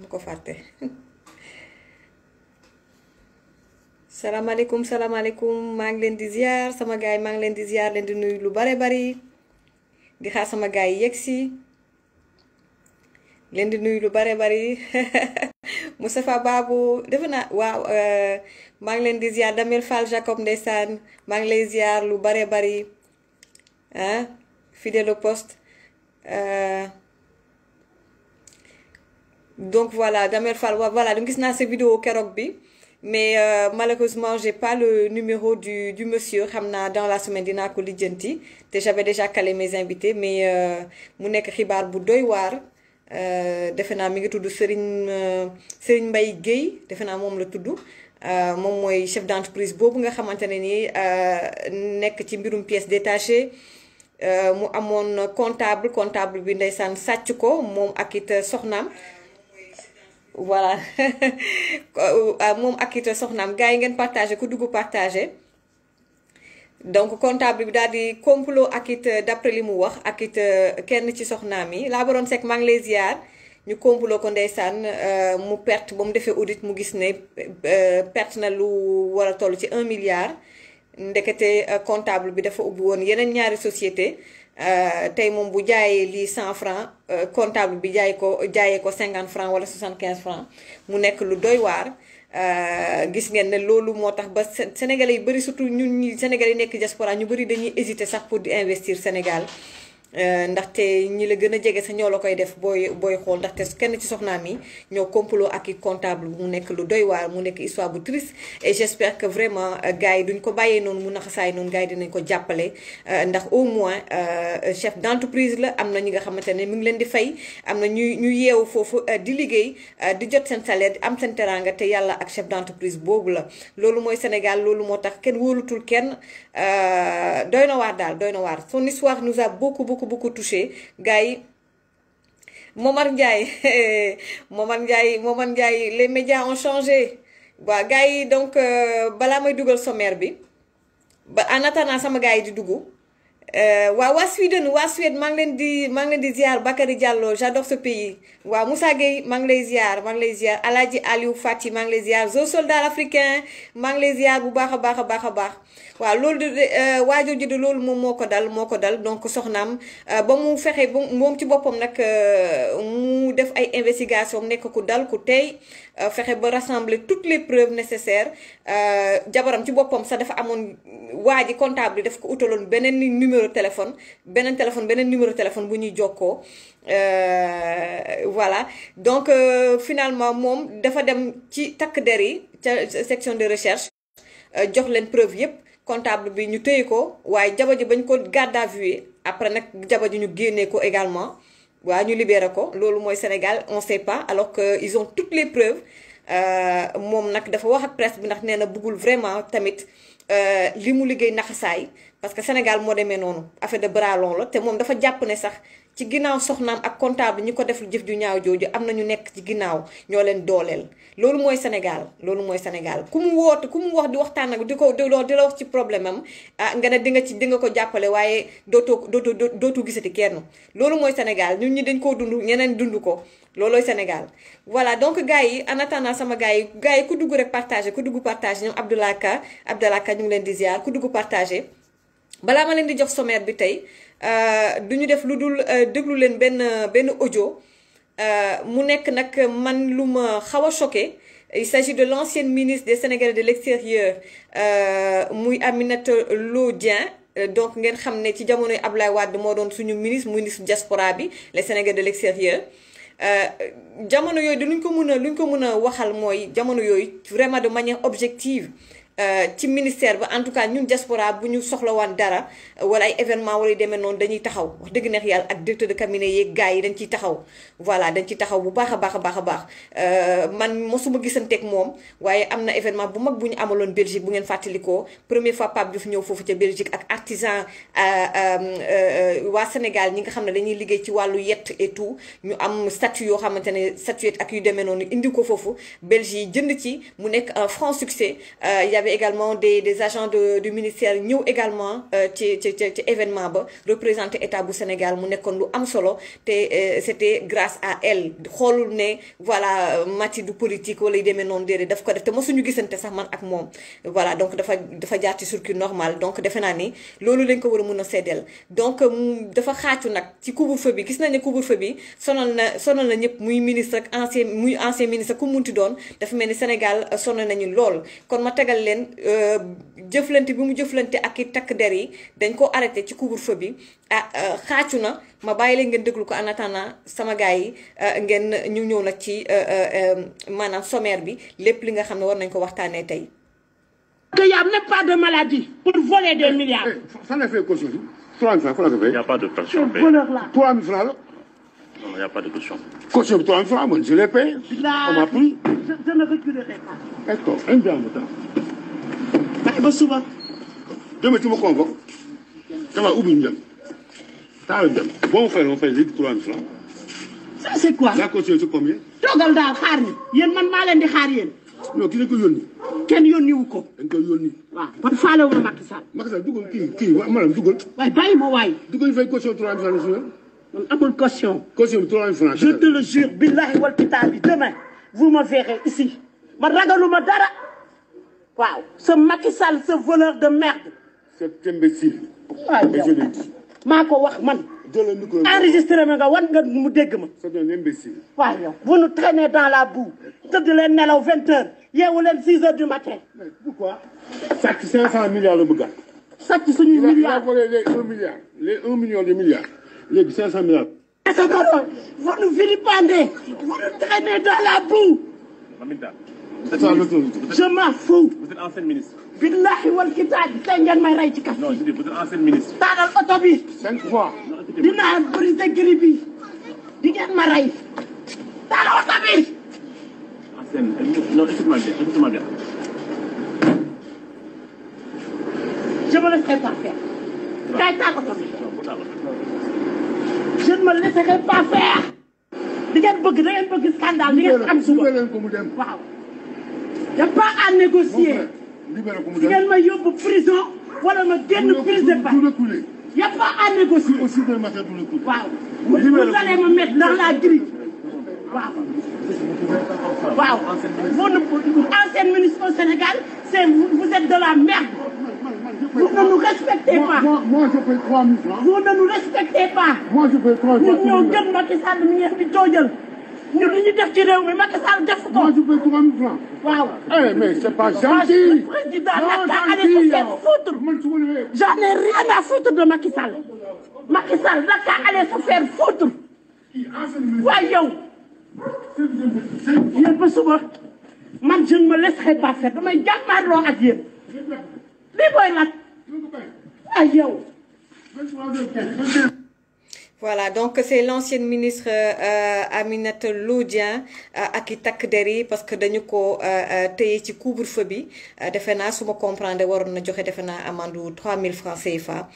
bu ko fàtte salaamaaleykum salaamaaleykum maa ngi leen di ziar sama gaay yi maa ngi leen di ziar leen di nuyu lu bare bari di xaar sama gaay yi yegg leen di nuyu lu bare bari mu Moustapha Babou defe naa waaw euh, maa ngi leen di ziar Damel Fall Jacob ndeysaan maa ngi lay ziar lu bare bari ah fidèle au euh, donc voilà Damel Fall voilà gis naa cette vidéo au bi mais euh, malheureusement j'ai pas le numéro du du monsieur xam dans la semaine dina ko lijjanti j'avais déjà calé mes invités mais euh, mu nek xibar bu doy war euh naa mi ngi tuddu Serigne euh, Serigne Mbaye Guèye defe mom moom tuddu euh mom moy chef d'entreprise bobu nga xamante ni euh nek ci mbirum détachée, euh mu amone comptable comptable bi ndaysan sàcc ko mom ak soxnam voilà à euh, ak it ngeen donc comptable bi complot euh, d'après li wax ak euh, kenn ci soxnam yi la baroon sek mang les ñu ko mu perte audit mu un milliard ndekete comptable bi dafa y won yeneen ñaari société Euh, tey moom bu jaayee lii cent francs euh, comptable bi jaay ko jaayee ko 50 francs wala quinze francs mu nekk lu doy waar euh, gis ngeen ne loolu moo tax ba Sénégalais yi bëri surtout ñun ñi Sénégalais yi nekk diaspora ñu bëri dañuy hésiter sax pour di investir Sénégal Euh, ndaxte ñi la gën a jege sa ñoo la koy def booy booy xool ndaxte kenn ci mi ñoo complot ak i comptable mu nekk lu doy waar mu nekk histoire bu triste et j'espère que vraiment euh, gars duñ ko bàyyee noonu mu naxasaay noonu gars dinañ ko euh, ndax au moins chef d'entreprise la am ñi nga xamante ne mu ngi leen di fay am ñu ñu yeewu foofu di liggéey jot salaire am seen te yàlla ak chef la Sénégal loolu moo tax kenn wóolutul kenn doy son histoire nous a beaucoup beaucoup beaucoup beaucoup touché gars yi Momar Ndiaye Momar mon Momar les médias ont changé wa gay donc euh, bala may dougal sommaire bi ba en attendant sama wa di euh, di euh, wa wa Sweden wa Suède di mang Diallo j'adore ce pays wa Moussa Gueye maa lay ziar Aliou Fati mang zo soldat africain mang lay ziar bu wa de euh, donc euh, ba mu ci euh, mu def ay investigation nek ko dal rassembler toutes les preuves nécessaires jabaram ci bopom dafa comptable ko numéro téléphone téléphone numéro téléphone voilà donc finalement mom dafa dem ci section de recherche jox preuve yépp comptable bi ñu téye ko jaba bañ ko à vue après également ñu libéré ko Sénégal on sait pas alors que ont toutes les preuves euh, mom nak dafa wax presse bi bëggul vraiment tamit euh, parce que Sénégal affaire de bras ci ginnaaw soxnaam ak comptable ko def jëf ju ñaaw am ñu nekk ci leen Sénégal loolu mooy Sénégal ku mu woote ku mu wax di waxtaan ak di ko wax ci problème am ah, nga ne di nga ci di nga ko jàppale waaye dootoo Sénégal ñun ñi dañ koo dund ñeneen dund Sénégal. voilà donc gars yi en attendant sama gars yi gars yi ku dugg rek partagé ku dugg partagé ñoom Abdoulaye Ka Abdoulaye Ka ñu ngi leen di ziar ku euh, du ñu def luddul euh, deglu len ben ben audio euh mu nek nak man luma xawa choqué il s'agit de l'ancienne ministre des Sénégalais de l'extérieur euh, muy Aminata Lô donc ngeen xamné ci jamonoy Ablaye Wade mo doon suñu ministre ministre diaspora bi les Sénégalais de l'extérieur jamono yoy di luñ ko mëna luñ ko mëna waxal moy jamono yoy vraiment de manière objective euh, ci ministère ba en tout cas ñun diaspora bu ñu soxla woon dara wala ay événement wala yu non dañuy taxaw wax dëgg neex yàlla ak directeur de cabinet yeeg gaay dañ ci taxaw voilà dañ ci taxaw bu baaxa baaxa baaxa baax euh man mosuma gisanteeg moom mom waye amna événement bu mag bu ñu amalon Belgique bu ngeen fàttalikoo première fois Pape Diouf ñew fofu ci Belgique ak artisan euh euh, euh wa Sénégal ñi nga xam dañuy liggéey ci walu yett et tout ñu am statut yo xamantene ne statuette ak yu demee non indi ko fofu Belgique jënd ci mu nekk un franc succès euh avait également des des agents de du ministère ñëw également euh, ci ci ci événement ba représenté état du Sénégal mu nekkoon lu am solo te euh, c'était grâce à elle xoolul voilà matière du politique wala yu des noonu déedéet daf ko def te mosuñu gisante sax man ak voilà donc dafa dafa faire des circuit normal donc defe naa ni loolu lañ ko war a mun a donc euh, dafa xaacu nag ci couvre-feu bi gis nañ couvre-feu bi sonal na sonal na ñëpp muy ministre ak ancien muy ancien ministre ku munti doon dafa mel Sénégal son nañu lool kon ma tegal leen seen euh, jëflante bi mu jëflante ak i takk der yi dañ ko arrêté ci couvre-feu bi ah euh, xaacu na ma bàyyi leen ngeen déglu ko en attendant sama gars yi euh, ngeen ñu ñëw nag ci maanaam sommaire bi lépp li nga xam ne war nañ ko waxtaanee tey. que y a même pas de maladie pour voler des milliards. ça n'a fait caution 3000 francs, comment ça fait Il y' a pas de caution. Ce voleur-là. 3000 francs là Non, il n'y a pas de caution. Caution de 3000 francs, moi, je l'ai payé. On m'a pris. Je, je ne reculerai pas. D'accord, un bien, maintenant bàyyi ba suba demain tu me convoques dama ubbi ñu dem temps bi dem boo ma fay ma fay léegi francs ça c'est quoi la constitution c'est combien toogal daal xaar ni yéen man maa leen di xaar yéen non ki dañ ko yónni kenn yónni wu ko dañ koy yónni waaw man faale wu Macky Sall Macky Sall dugal ki ki waa maanaam dugal waaye bàyyi mo way dugal fay caution trois francs non man amul caution caution bi francs je te le jure billahi wal kitaabi demain vous me verrez ici man ragaluma dara Waouh, ce Macky Sall, ce voleur de merde. Cet imbécile. Ah, Mais je le dit. Mako wax man. Enregistrer mes gars, wan gars, nous dégueu. C'est un imbécile. Waouh, vous nous traînez dans la boue. T'as de l'énergie au 20 heures. Hier ou lundi 6 h du matin. Mais pourquoi? Sacré 500 milliards le bouga. Sacré 100 milliards. Il a volé les 1 milliard, les 1 million de milliards, les 500 milliards. Vous nous vilipendez, vous nous traînez dans la boue. Mamita. je m'en fous. vous êtes ancien ministre. billahi wal kitaab tey ngeen may rey ci kaf. non je dis vous êtes ancien ministre. taalal oto bi. cinq fois. dinaa brisé gris bi di ngeen ma rey. taalal oto bi. non écoute-moi bien écoute-moi bien. je me laisserai pas faire. kay taal oto bi. je ne me laisserai pas faire. di ngeen bëgg da ngeen bëgg scandale di ngeen am suba waaw. n'y a pas à négocier. Si ngeen ma yóbbu prison wala ma génn prise de parole. Il n'y a pas à négocier. Vous allez me mettre dans la grille. Waaw. Waaw. Vous, ancienne ministre au Sénégal, vous, vous êtes de la merde. Vous ne nous respectez pas. Moi, je paye 3 000 francs. Vous ne nous respectez pas. Moi, je paye 3 000 francs. Ñoo gën Macky Sall mi ngeen ñun li ñu def ci réew mi Macky Sall def ko. moi je paie 3000 francs. waaw. eh mais c'est pas gentil. président Macky allez vous faire foutre. j'en ai rien à foutre de Macky Sall. Macky Sall Macky allez se faire foutre. waaye yow. yéen ba ma man je ne me laisserai pas faire damay jàmmaarloo ak yéen. lii booy nag. yow. Voilà, donc c'est l'ancienne ministre euh, Aminata Lô qui euh, ak i parce que dañu ko été euh, euh, ci couvre-feu bi defe naa su ma comprendre waroon na joxe 3 3000 francs CFA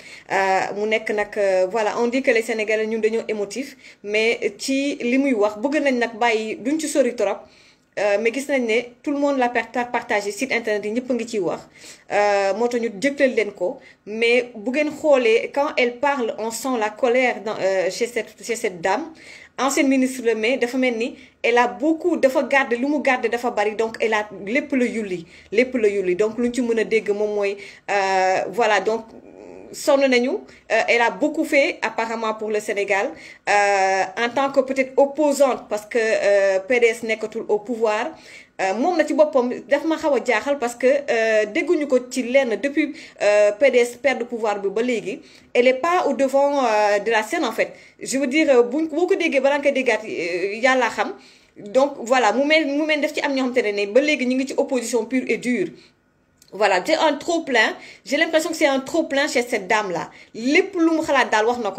voilà on dit que les Sénégalais ñun dañoo émotif mais ci qui est wax bëgg nañ nous avons duñ ci sori euh, mais gis nañ ne tout le monde l'a partagé site internet yi ñëpp a ngi ci wax euh tax ñu jëkkal leen ko mais bu ngeen xolé quand elle parle on sent la colère dans euh, chez cette chez cette dame ancienne ministre le mais dafa melni ni elle a beaucoup dafa garder lu mu garder dafa bari donc elle a lepp le yulli lepp le yulli donc luñ ci mëna dégg mom moy euh voilà donc. Euh, elle a beaucoup fait apparemment pour le Sénégal euh, en tant que peut-être opposante parce que euh, PDS n'est au pouvoir Moi, na ci pas si ma xawa dire parce que dégguñu ko ci lenn depuis PDS perd de pouvoir bi ba elle est pas au devant de la scène en fait je veux dire buñ ko déggee balaa Il y a la xam donc voilà mu mel mu mel ci am tane ba ngi ci opposition pure et dure voilà c'est un trop plein j'ai l'impression que c'est un trop plein chez cette dame là les lu mu xalaat daal wax na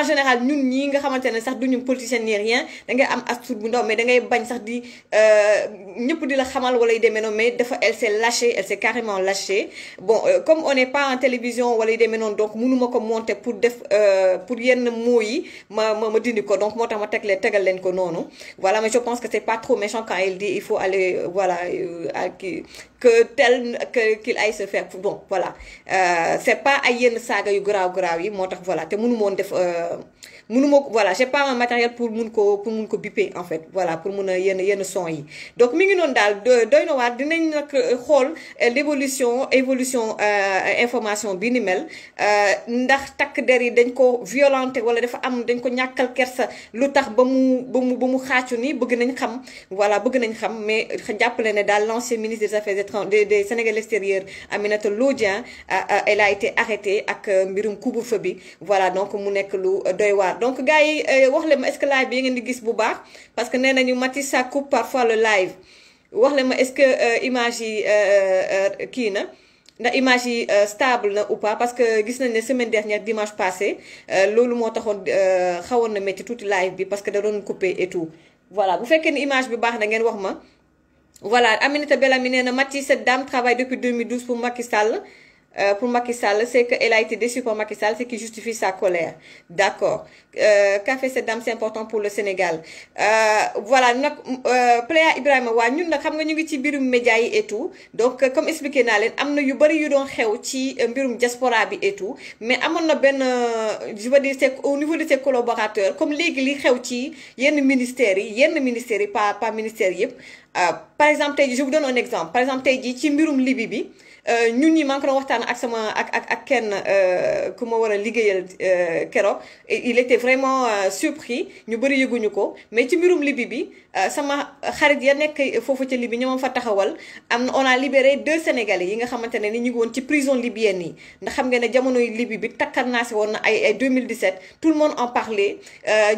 en général ñun ñii nga xamante ne sax duñu politicien ni rien da ngay am as bu mais da ngay bañ sax di euh, ñëpp di la xamal wala yu demee noonu mais elle s'est lâchée elle s'est carrément lâchée bon euh, comme on n'est pas en télévision wala yu demee donc nous ko monter pour def euh, pour yenn mots yi ma ma ma dindi ko donc moi t'as moi leen ko voilà mais je pense que c'est pas trop méchant quand elle dit il faut aller voilà à que tel que qu'il aille se faire bon voilà euh, c'est pas y saga saaga grave grave garaaw yi motax voilà te mënu monde def euh, mënuma voilà j'ai pas un matériel pour mun ko pour mun ko bippé en fait voilà pour mun a yenn yenn son yi donc mi ngi noonu daal doy na waar dinañ nag euh, xool euh, l'évolution évolution euh information bi ni mel euh ndax tak der yi dañ ko violenter wala dafa am dañ ko ñàkkal kersa lutax ba mu ba mu ba mu xatu ni bëgg nañ xam voilà bëgg nañ xam mais jappalé né dal l'ancien ministre des affaires étrangères des Sénégal extérieur Aminata loudia euh, elle a été arrêtée ak mbirum couvre-feu bi voilà donc mu nek lu doy waar donc gars yi euh, wax le ma est-ce que live bi ngeen di gis bu baax parce que nenañu mati Matissa coupe parfois le live wax le ma est-ce que euh, image yi euh, ki na na image stable na ou pas parce que gis nañ ne semaine dernière dimanche passé loolu moo taxoon xawoon na tout le live bi parce que da doon couper et tout voilà bu fekkee ni image bi baax na ngeen wax ma voilà Aminata Bellamy nee na Matissa cette dame travaille depuis 2012 pour Macky Sall euh, pour Macky Sall, c'est qu'elle a été déçue pour Macky Sall, c'est qui justifie sa colère. D'accord. Euh, Qu'a fait cette dame, c'est important pour le Sénégal. Euh, voilà, nous, euh, Pléa Ibrahim Wa, nous, nous avons dit que médias et tout. Donc, euh, comme expliqué, nous avons eu beaucoup de choses diaspora et tout. Mais nous avons ben, euh, je veux dire, au niveau de ses collaborateurs, comme les gens qui il y a ministère, il y a un ministère, pas, pas ministère. Euh, par exemple, je vous donne un exemple. Par exemple, je vous donne un exemple. Euh, ñun ñi maa ngi ko doon waxtaan ak sama ak ak ak kenn euh, ku ma war a liggéeyal euh, kero il était vraiment surpris ñu bëri yëguñu ko mais ci mbirum libi bi sama xarit ya nekk foofu ca libi ñoom fa taxawal am on a libéré deux sénégalais yi nga xamante ne ni ñu ngi woon ci prison libyenne yi ndax xam nga ne jamonoy libi bi takkar naa si woon na ay ay 2017 tout le monde en parlait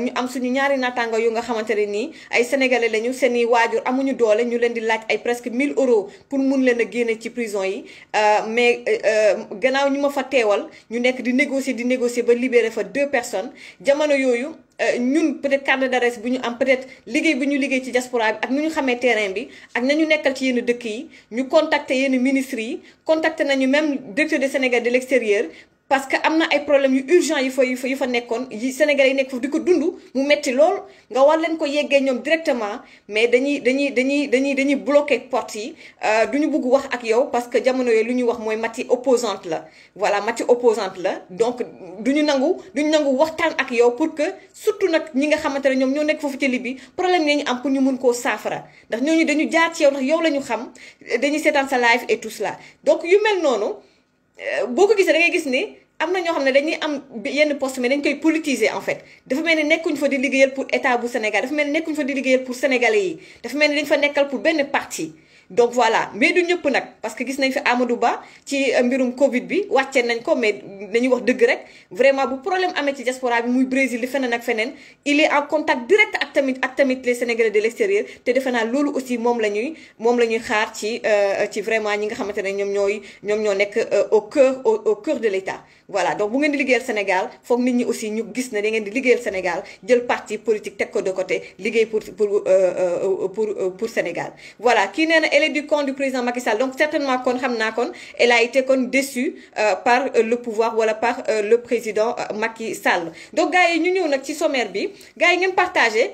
ñu am suñu ñaari naataango yu nga xamante ne nii ay sénégalais lañu seen i waajur amuñu doole ñu leen di laaj ay presque 1000 euros pour mun leen a génne ci prison yi euh, mais euh, gannaaw ñuma fa teewal ñu nekk di négocier di négocier ba libérer fa deux personnes jamono yooyu euh, ñun peut-être carte d'adresse bu ñu am peut-être liggéey bu ñu liggéey ci diaspora bi ak nu ñu xamee terrain bi ak nañu nekkal ci yenn dëkk yi ñu contacter yenn ministres yi contacter nañu même directeur des Sénégal de l'extérieur parce que amna ay problème yu urgent yi fa yu fa nekkoon yi Sénégalais nekk foofu diko ko mu metti lool nga war leen ko yeggee ñom directement mais dañuy dañuy dañuy dañuy dañuy bloqué porte yi euh duñu bëgg wax ak yow parce que jamono yooyu luñu wax moy mati opposante la voilà mati opposante la donc duñu nangu duñu nangu waxtaan ak yow pour que surtout nak ñi nga xamantene ne ñoo nekk fofu ci libi problème ñi ñu am ko ñu mun koo saafara ndax ñu dañu jaar ci yow ndax yow lañu xam dañuy seetaan sa live et tout cela donc yu mel noonu boo ko da ngay gis ni am na ñoo xam ne dañuy am yenn poste mais dañ koy politiser en fait dafa mel ni nekkuñ fa di liggéeyal pour état bu Sénégal dafa mel ni nekkuñ fa di liggéeyal pour sénégalais yi dafa mel ni dañ fa nekkal pour benn parti donc voilà mais du ñëpp nak parce que gis nañ fi Amadou Ba ci euh, mbirum Covid bi waccé nañ ko mais dañu wax deug rek vraiment bu problème amé ci diaspora bi muy Brésil li feneen nak feneen il est en contact direct ak tamit ak tamit les Sénégalais de l'extérieur té defe naa loolu aussi mom la mom lañuy la xaar ci euh, ci vraiment ñi nga xamante ne ñoom ñooy ñoom ñoo nekk euh, au cœur au cœur de l'État voilà donc bu ngeen di l'iguel Sénégal foog nit ñi aussi ñu gis na da ngeen di liggéeyal Sénégal jël parti politique teg ko de côté liggéey pour pour pour pour Sénégal voilà ki nee elle est du camp du président Macky Sall donc certainement kon xamna kon elle a été kon déçue euh, par euh, le pouvoir voilà, par euh, le président Macky Sall donc gars yi ñu ñëw nak ci sommaire bi gars yi partagé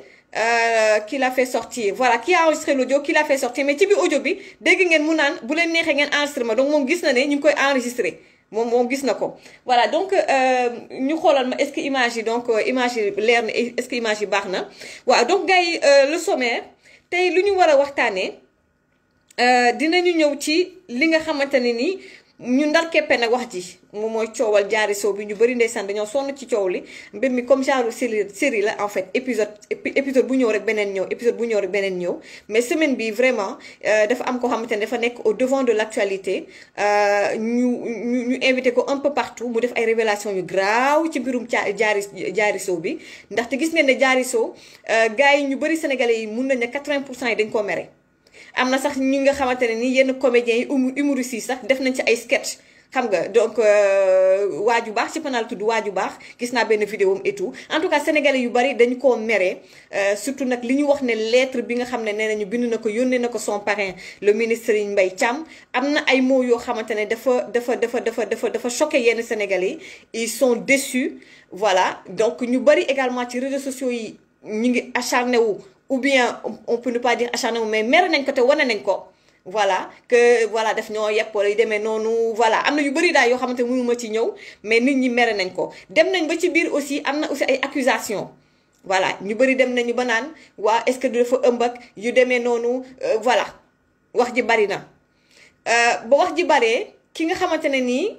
qui l'a fait sortir voilà qui a enregistré l'audio qui l'a fait sortir mais si biir audio bi dégg ngeen mu vous bu donc mon gis na ne enregistré mon mon gis na voilà donc nous allons ma est-ce que image donc image l'air, est-ce que image yi Voilà. donc gars le sommaire et lu ñu la euh, dinañu ñëw ci li nga xamante ni ñu ndar keppe nag wax ji moom mooy coowal jaari sow bi ñu bëri ndeysaan dañoo sonn ci coow li mbir mi comme genre série série la en fait épisode épisode bu ñëw rek beneen ñëw épisode bu ñëw rek beneen ñëw mais semaine bi vraiment euh, dafa am ko xamante ne dafa nekk au devant de l'actualité euh, ñu ñu ñu invité ko un peu partout mu def ay révélation yu graaw ci mbirum caa jaari jaari sow bi ndaxte gis ngeen ne jaari sow gars yi ñu bëri sénégalais yi mun nañ ne 80 pour cent yi dañ koo mere amna sax ñi nga xamante ne ni yenn humoristes sax def nañ ci ay sketch xam nga donc euh, waju bax ci panal tudd waju bax gis naa benn vidéo et tout en tout cas sénégalais yu bari dañ koo mere euh, surtout nak liñu wax né lettre bi nga xamné né nañu bind nako yonné nako son parrain le ministre Serigne Mbaye Cham amna ay mots yo xamante dafa dafa dafa dafa dafa dafa choqué yenn sénégalais ils sont déçus voilà donc ñu bari également ci réseaux sociaux yi ñi ngi acharné wu ou bien on peut ne pas dire acharné mais mère nañ ko te wane nañ ko voilà que voilà def ñoo yepp wala yu demee voilà amna yu bari da yo xamante mënu ma ci ñew mais nit ñi mere nañ ko dem nañ ba ci bir aussi amna aussi ay accusations voilà ñu bari dem nañu ba naan waa est-ce que dafa ëmb ak yu démé noonu euh, voilà wax ji bari na euh ba wax ji baree ki nga xamante ni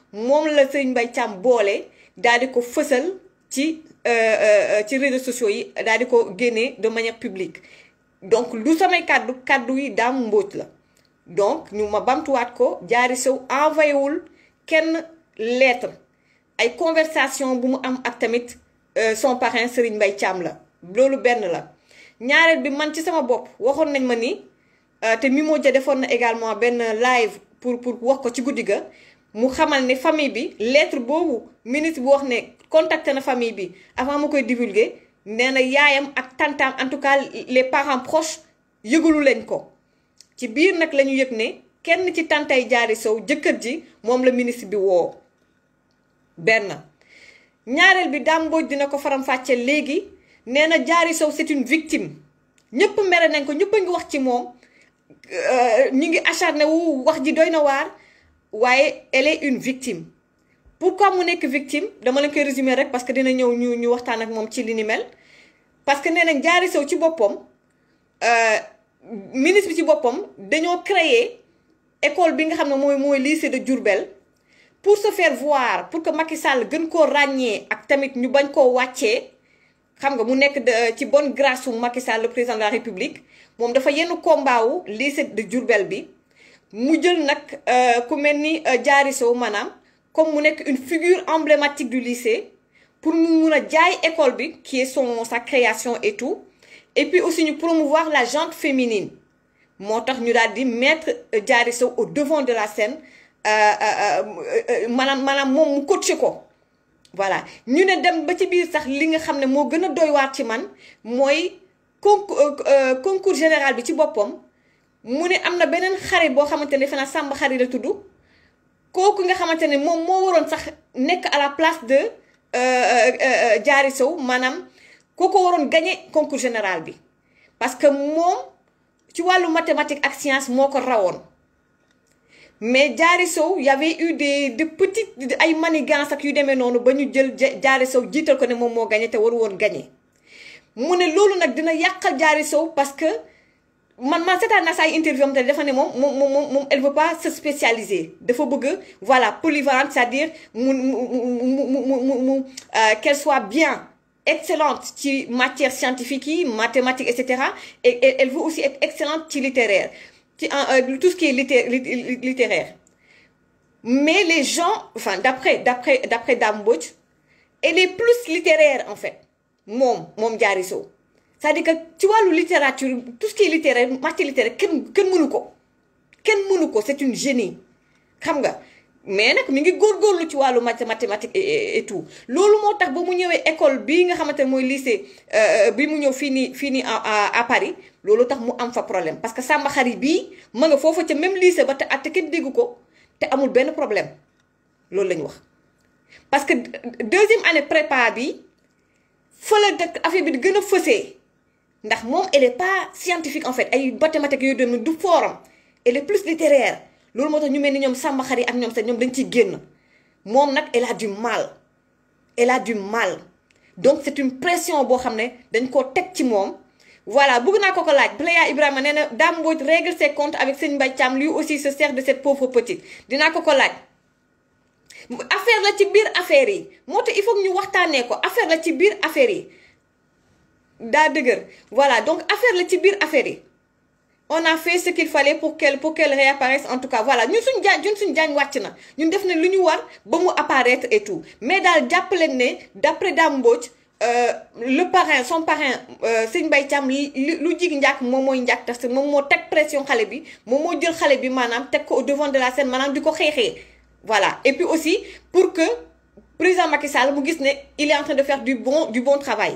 mom la serigne mbay cham bolé daal di ko fësal ci euh, euh, euh, ci réseaux sociaux yi daal di ko génnee de manière publique donc lu samay kàddu kàddu yi dam mbóot la donc ñu ma wat ko jaari sew envoyé wul kenn lettre ay conversation bu mu am ak tamit son parrain Serigne mbay cham la lolu ben la ñaarel bi man ci sama bop waxon nañ ma ni te Mimo ja defoon na également ben live pour pour wax ko ci guddi ga mu xamal ni famille bi lettre boobu ministre bu wax ne contacté na famille bi avant mu koy divulguer nee na yaayam ak tantaam en tout cas les parents proches yëgalu leen ko ci biir nag lañu yëg ne kenn ci tantay jaari sow jëkkër ji moom la ministre bi woo benn ñaareel bi Dame Mbodj dina ko faram fàccee léegi nee na jaari sow c'est une victime ñëpp mere nañ ko ñëpp a ngi wax ci moom euh, ñu ngi acharné wu wax ji doy na waar waaye elle est une victime pourquoi mu nekk victime dama leen koy résumer rek parce que dina ñëw ñu ñu waxtaan ak moom ci li ni mel parce que nee nañ Diary Sow ci boppam euh, ministre bi ci boppam dañoo créer école bi nga xam ne mooy mooy lycée de Diourbel pour se faire voir pour que Macky Sall gën koo ràññee ak tamit ñu bañ koo wàccee xam nga mu nekk euh, ci bonne grâce su Macky Sall le président de la République moom dafa yenn combat wu lycée de Diourbel bi mu nak nag euh, ku mel euh, comme mu est une figure emblématique du lycée pour nous mun a jaay école qui est son sa création et tout et puis aussi nous promouvoir la gente féminine moo nous ñu dit di mettre euh, Diary au devant de la scène Manam maanaam moom mu ko. voilà ñu ne dem ba ci biir sax li nga xam ne moo concours général bi ci mu ne am na beneen xari boo xamante ne defe naa sàmb xari la tudd kooku nga xamante ne moom moo waroon sax nekk à la place de euh, euh, euh, Diary Sow maanaam kooku waroon gañe concours général bi parce que moom ci wàllu mathématique ak science moo ko rawoon mais jaari Sow y avait de des de petites ay manigances ak yu demee noonu ba ñu jël Diary Sow jiital ko ne moom moo gagné te war woon gagné mu ne loolu nag dina yàqal Diary Sow parce que. man man interview on te ne elle veut pas se spécialiser faut veut voilà polyvalente c'est-à-dire qu'elle soit bien excellente en matière scientifique qui mathématiques et et elle veut aussi être excellente en littéraire qui tout ce qui est littéraire mais les gens enfin d'après d'après d'après Dame elle est plus littéraire en fait mon mon cest à que ci wàllu littérature tout ce qui est littéraire littéraire kenn kenn mënu ko kenn mënu ko c'est une génie xam nga mais nag mi ngi góor góorlu ci wàllu mathématique et tout loolu moo tax ba mu ñëwee école bii nga xamante ne mooy lycée euh, bi mu ñëw fii nii fii nii à Paris loolu tax mu am fa problème parce que Samba Xari bii ma nga foofa ca même lycée ba te at kenn dégg ko te amul benn problème loolu lañu wax parce que deuxième année prépa bi fële dëkk affaire bi gën a fësee ndax moom elle est pas scientifique en fait ay mathématiques yooyu doon du forum elle est plus littéraire loolu moo tax ñu mel ni ñoom Samba Khary ak ñoom ñoom dañ ci génn moom nag elle a du mal elle a du mal donc c'est une pression boo xam ne dañ koo teg ci moom. voilà bëgg naa ko ko laaj Bleya Ibrahima nee na Dame Mbodj règle ses comptes avec Serigne Mbaye Thiam lui aussi se sert de cette pauvre petite dinaa ko ko laaj. affaire la ci biir affaire yi moo tax il faut ñu waxtaanee ko affaire la ci biir affaire yi voilà donc affaire la ci affaire on a fait ce qu'il fallait pour qu'elle pour qu'elle réapparaisse en tout cas voilà nous sun déjà ñun sun jaan wàcc Nous ñun def na lu ñu war ba mu apparaître et tout mais daal jàppaleen ne d'après Dame euh, le parrain son parrain euh, Seigne Mbaye Thiam lu jig njàkk mom moy njàkk parce que moom moo teg pression xalé bi moom moo jël xalé bi manam tek ko au devant de la scène manam diko ko voilà et puis aussi pour que président Macky Sall mu gis né il est en train de faire du bon du bon travail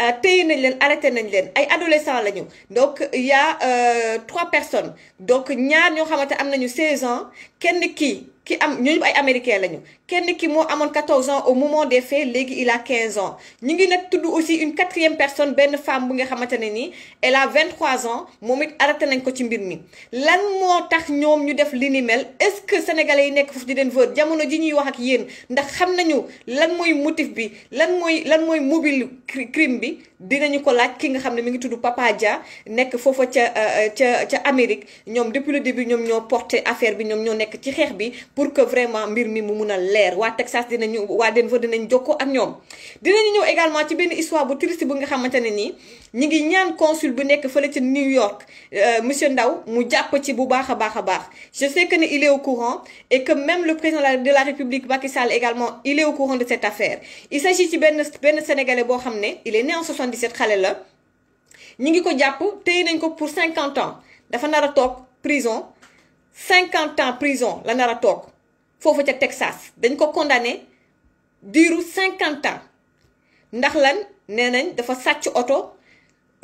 Euh, téye nañ leen arrêté nañ leen ay adolescents lañu donc il y a euh, trois personnes donc ñaar ñoo xamanté am nañu 16 ans kenn ki ki am ñooñu ay américain lañu kenn ki mo amone 14 ans au moment des faits légui il a 15 ans ñi ngi nak tudd aussi une quatrième personne benn femme bu nga xamante ni elle a 23 ans momit arrêté nañ ko ci mbir mi. lan mo tax ñom ñu def li ni mel est-ce que sénégalais yi nek fofu di den wër jamono ji ñuy wax ak yeen ndax xam nañu lan moy motif bi lan moy lan moy mobile crime bi dinañu ko laaj ki nga xam ne mi ngi tudd Papa Dia nek fofu ca euh, euh, ca ca Amérique ñom depuis le début ñom ñoo porter affaire bi ñom ñoo nek ci xex bi pour que vraiment mbir mi mu mun leer Texas dinañu wa Denver dinañ joko ak ñom dinañ ñëw également ci ben histoire bu triste bu nga xamante ni ñi ngi ñaan consul bu nek fële ci New York euh, monsieur Ndaw mu japp ci bu baaxa baaxa baax je sais que il est au courant et que même le président de la République Macky également il est au courant de cette affaire il s'agit ci Ben Ben sénégalais bo xamné il est né en 77 xalé la. ñi ngi ko japp téye nañ ko pour 50 ans dafa nar a prison. 50 ans prison la nar tok. voter Texas dañ ko condamné durant 50 ans ndax lan de dafa dafa auto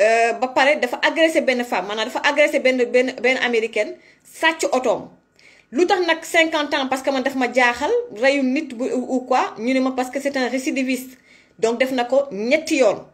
euh ba paré dafa agressé ben femme maanaam dafa agresser ben ben ben américaine sàcc auto. Lutax nak 50 ans parce que man daf ma jaaxal reyu nit ou quoi ñu parce que c'est un récidiviste donc def nako ñetti yoon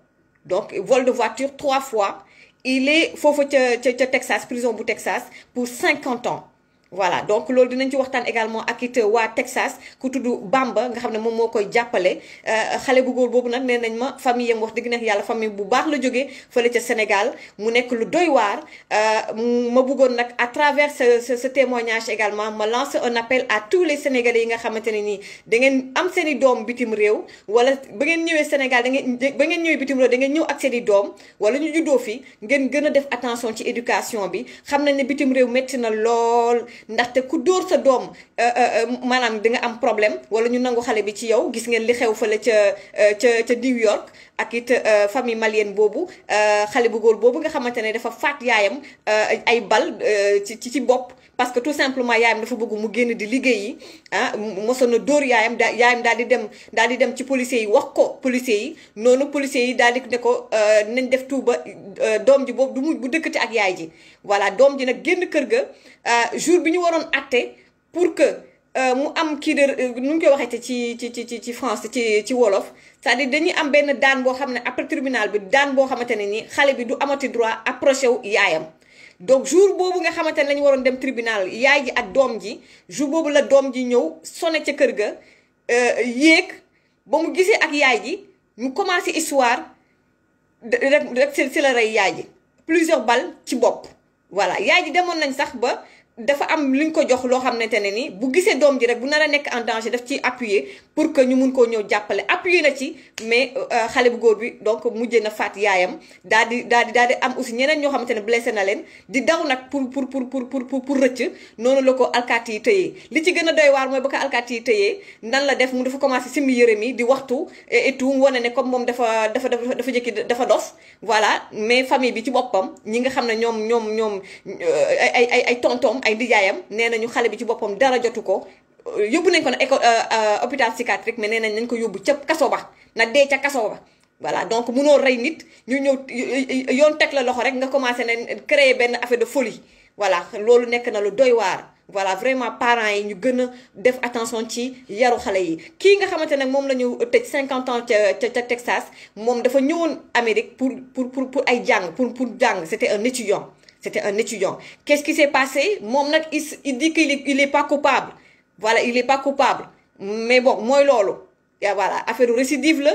donc vol de voiture trois fois il est foofu ca Texas prison bu Texas pour 50 ans voilà donc loolu dinañ ci waxtaan également ak ite wa Texas ku tudd Bamba nga xam mom mokoy jappalé euh xalé bu góor bobu nak nee nañ ma famille yam wax deug neex yalla famille bu baax la jógee feulé ci Sénégal mu nek lu doy waar euh, ma bëggone nak à travers ce ce témoignage également ma lance un appel à tous les Sénégalais yi nga xamante ni da ngeen am seen dom doom bitim wala ba ngeen ñëwé Sénégal da ngeen ba ngeen ñëwee bitim rew da ngeen ñëw ak seen dom wala ñu juddoo fi ngeen gëna def attention ci éducation bi xam nañ bitim réew na lool ndaxte ku dóor sa doom euh, euh, euh, maanaam di nga am problème wala ñu nangu xale bi ci yow gis ngeen li xew fële ca ca ca New York ak it famille malienne boobu xale bu góor boobu nga xamante ne dafa faat yaayam ay bal ci ci bopp parce que tout simplement yaayam dafa bëgg mu génn di liggéey yi ah mosoon na dóor yaayam da yaayam daal di dem daal di dem ci policiers yi wax ko policiers yi noonu policiers yi daal di ne ko euh, nañ def tuuba euh, doom ji boobu du mu bu dëkkati ak yaay ji voilà doom ji nag génn kër ga euh, jour bi ñu waroon atte pour que mu am kii de nu ñu koy waxee ci ci ci ci France ci ci wolof sa à dañuy am benn daan boo xam ne après tribunal bi daan boo xamante ne nii xale bi du amati droit approché wu yaayam donc jour où nga savez dem tribunal yaay ji ak dom ji jour bobu la dom ji ñew soné ci kër ga euh, ba mu ak yaay histoire rek la ray yaay plusieurs balles ci voilà yaay ji demone nañ sax ba dafa am lu ñu ko jox loo xamante ne nii bu gisee doom ji rek bu nar a nekk en danger daf ci appuyer pour que ñu mun koo ñëw jàppale appuyer na ci mais euh, xale bu góor bi donc mujjee na faat yaayam daal di daal di di am aussi ñeneen ñoo xamante ne blessé na leen di daw nag pour pour pour pour pour pour rëcc noonu la ko alkaati yi tëyee. li ci gën a doy waar mooy ba ko alkaati yi tëyee nan la def mu dafa commencé simmi yëre mi di waxtu et tout wane ne comme moom dafa dafa dafa dafa jëkki dafa dof voilà mais famille bi ci boppam ñi nga xam ne ñoom ñoom ñoom euh, ay ay ay tontom ay nijaayam nee nañu xale bi ci boppam dara jotu ko yóbbu nañ ko na éco euh, euh, hôpital psychiatrique mais nee nañ nañ ko yóbbu ca kaso ba na dee ca kaso ba voilà donc munoo rey nit ñu ñëw yoon teg la loxo rek nga commencé ne créer benn affaire de folie voilà loolu nekk na lu doy waar voilà vraiment parents yi ñu gën a def attention ci yaru xale yi kii nga xamante nag moom la ñu tëj 50 ans ca ca Texas moom dafa ñëwoon Amérique pour pour pour ay jàng pour pour jàng c'était un étudiant c'était un étudiant. Qu'est-ce qui s'est passé mon nak il, dit qu'il il est pas coupable. Voilà, il est pas coupable. Mais bon, moy lolo. Et voilà, affaire récidive là.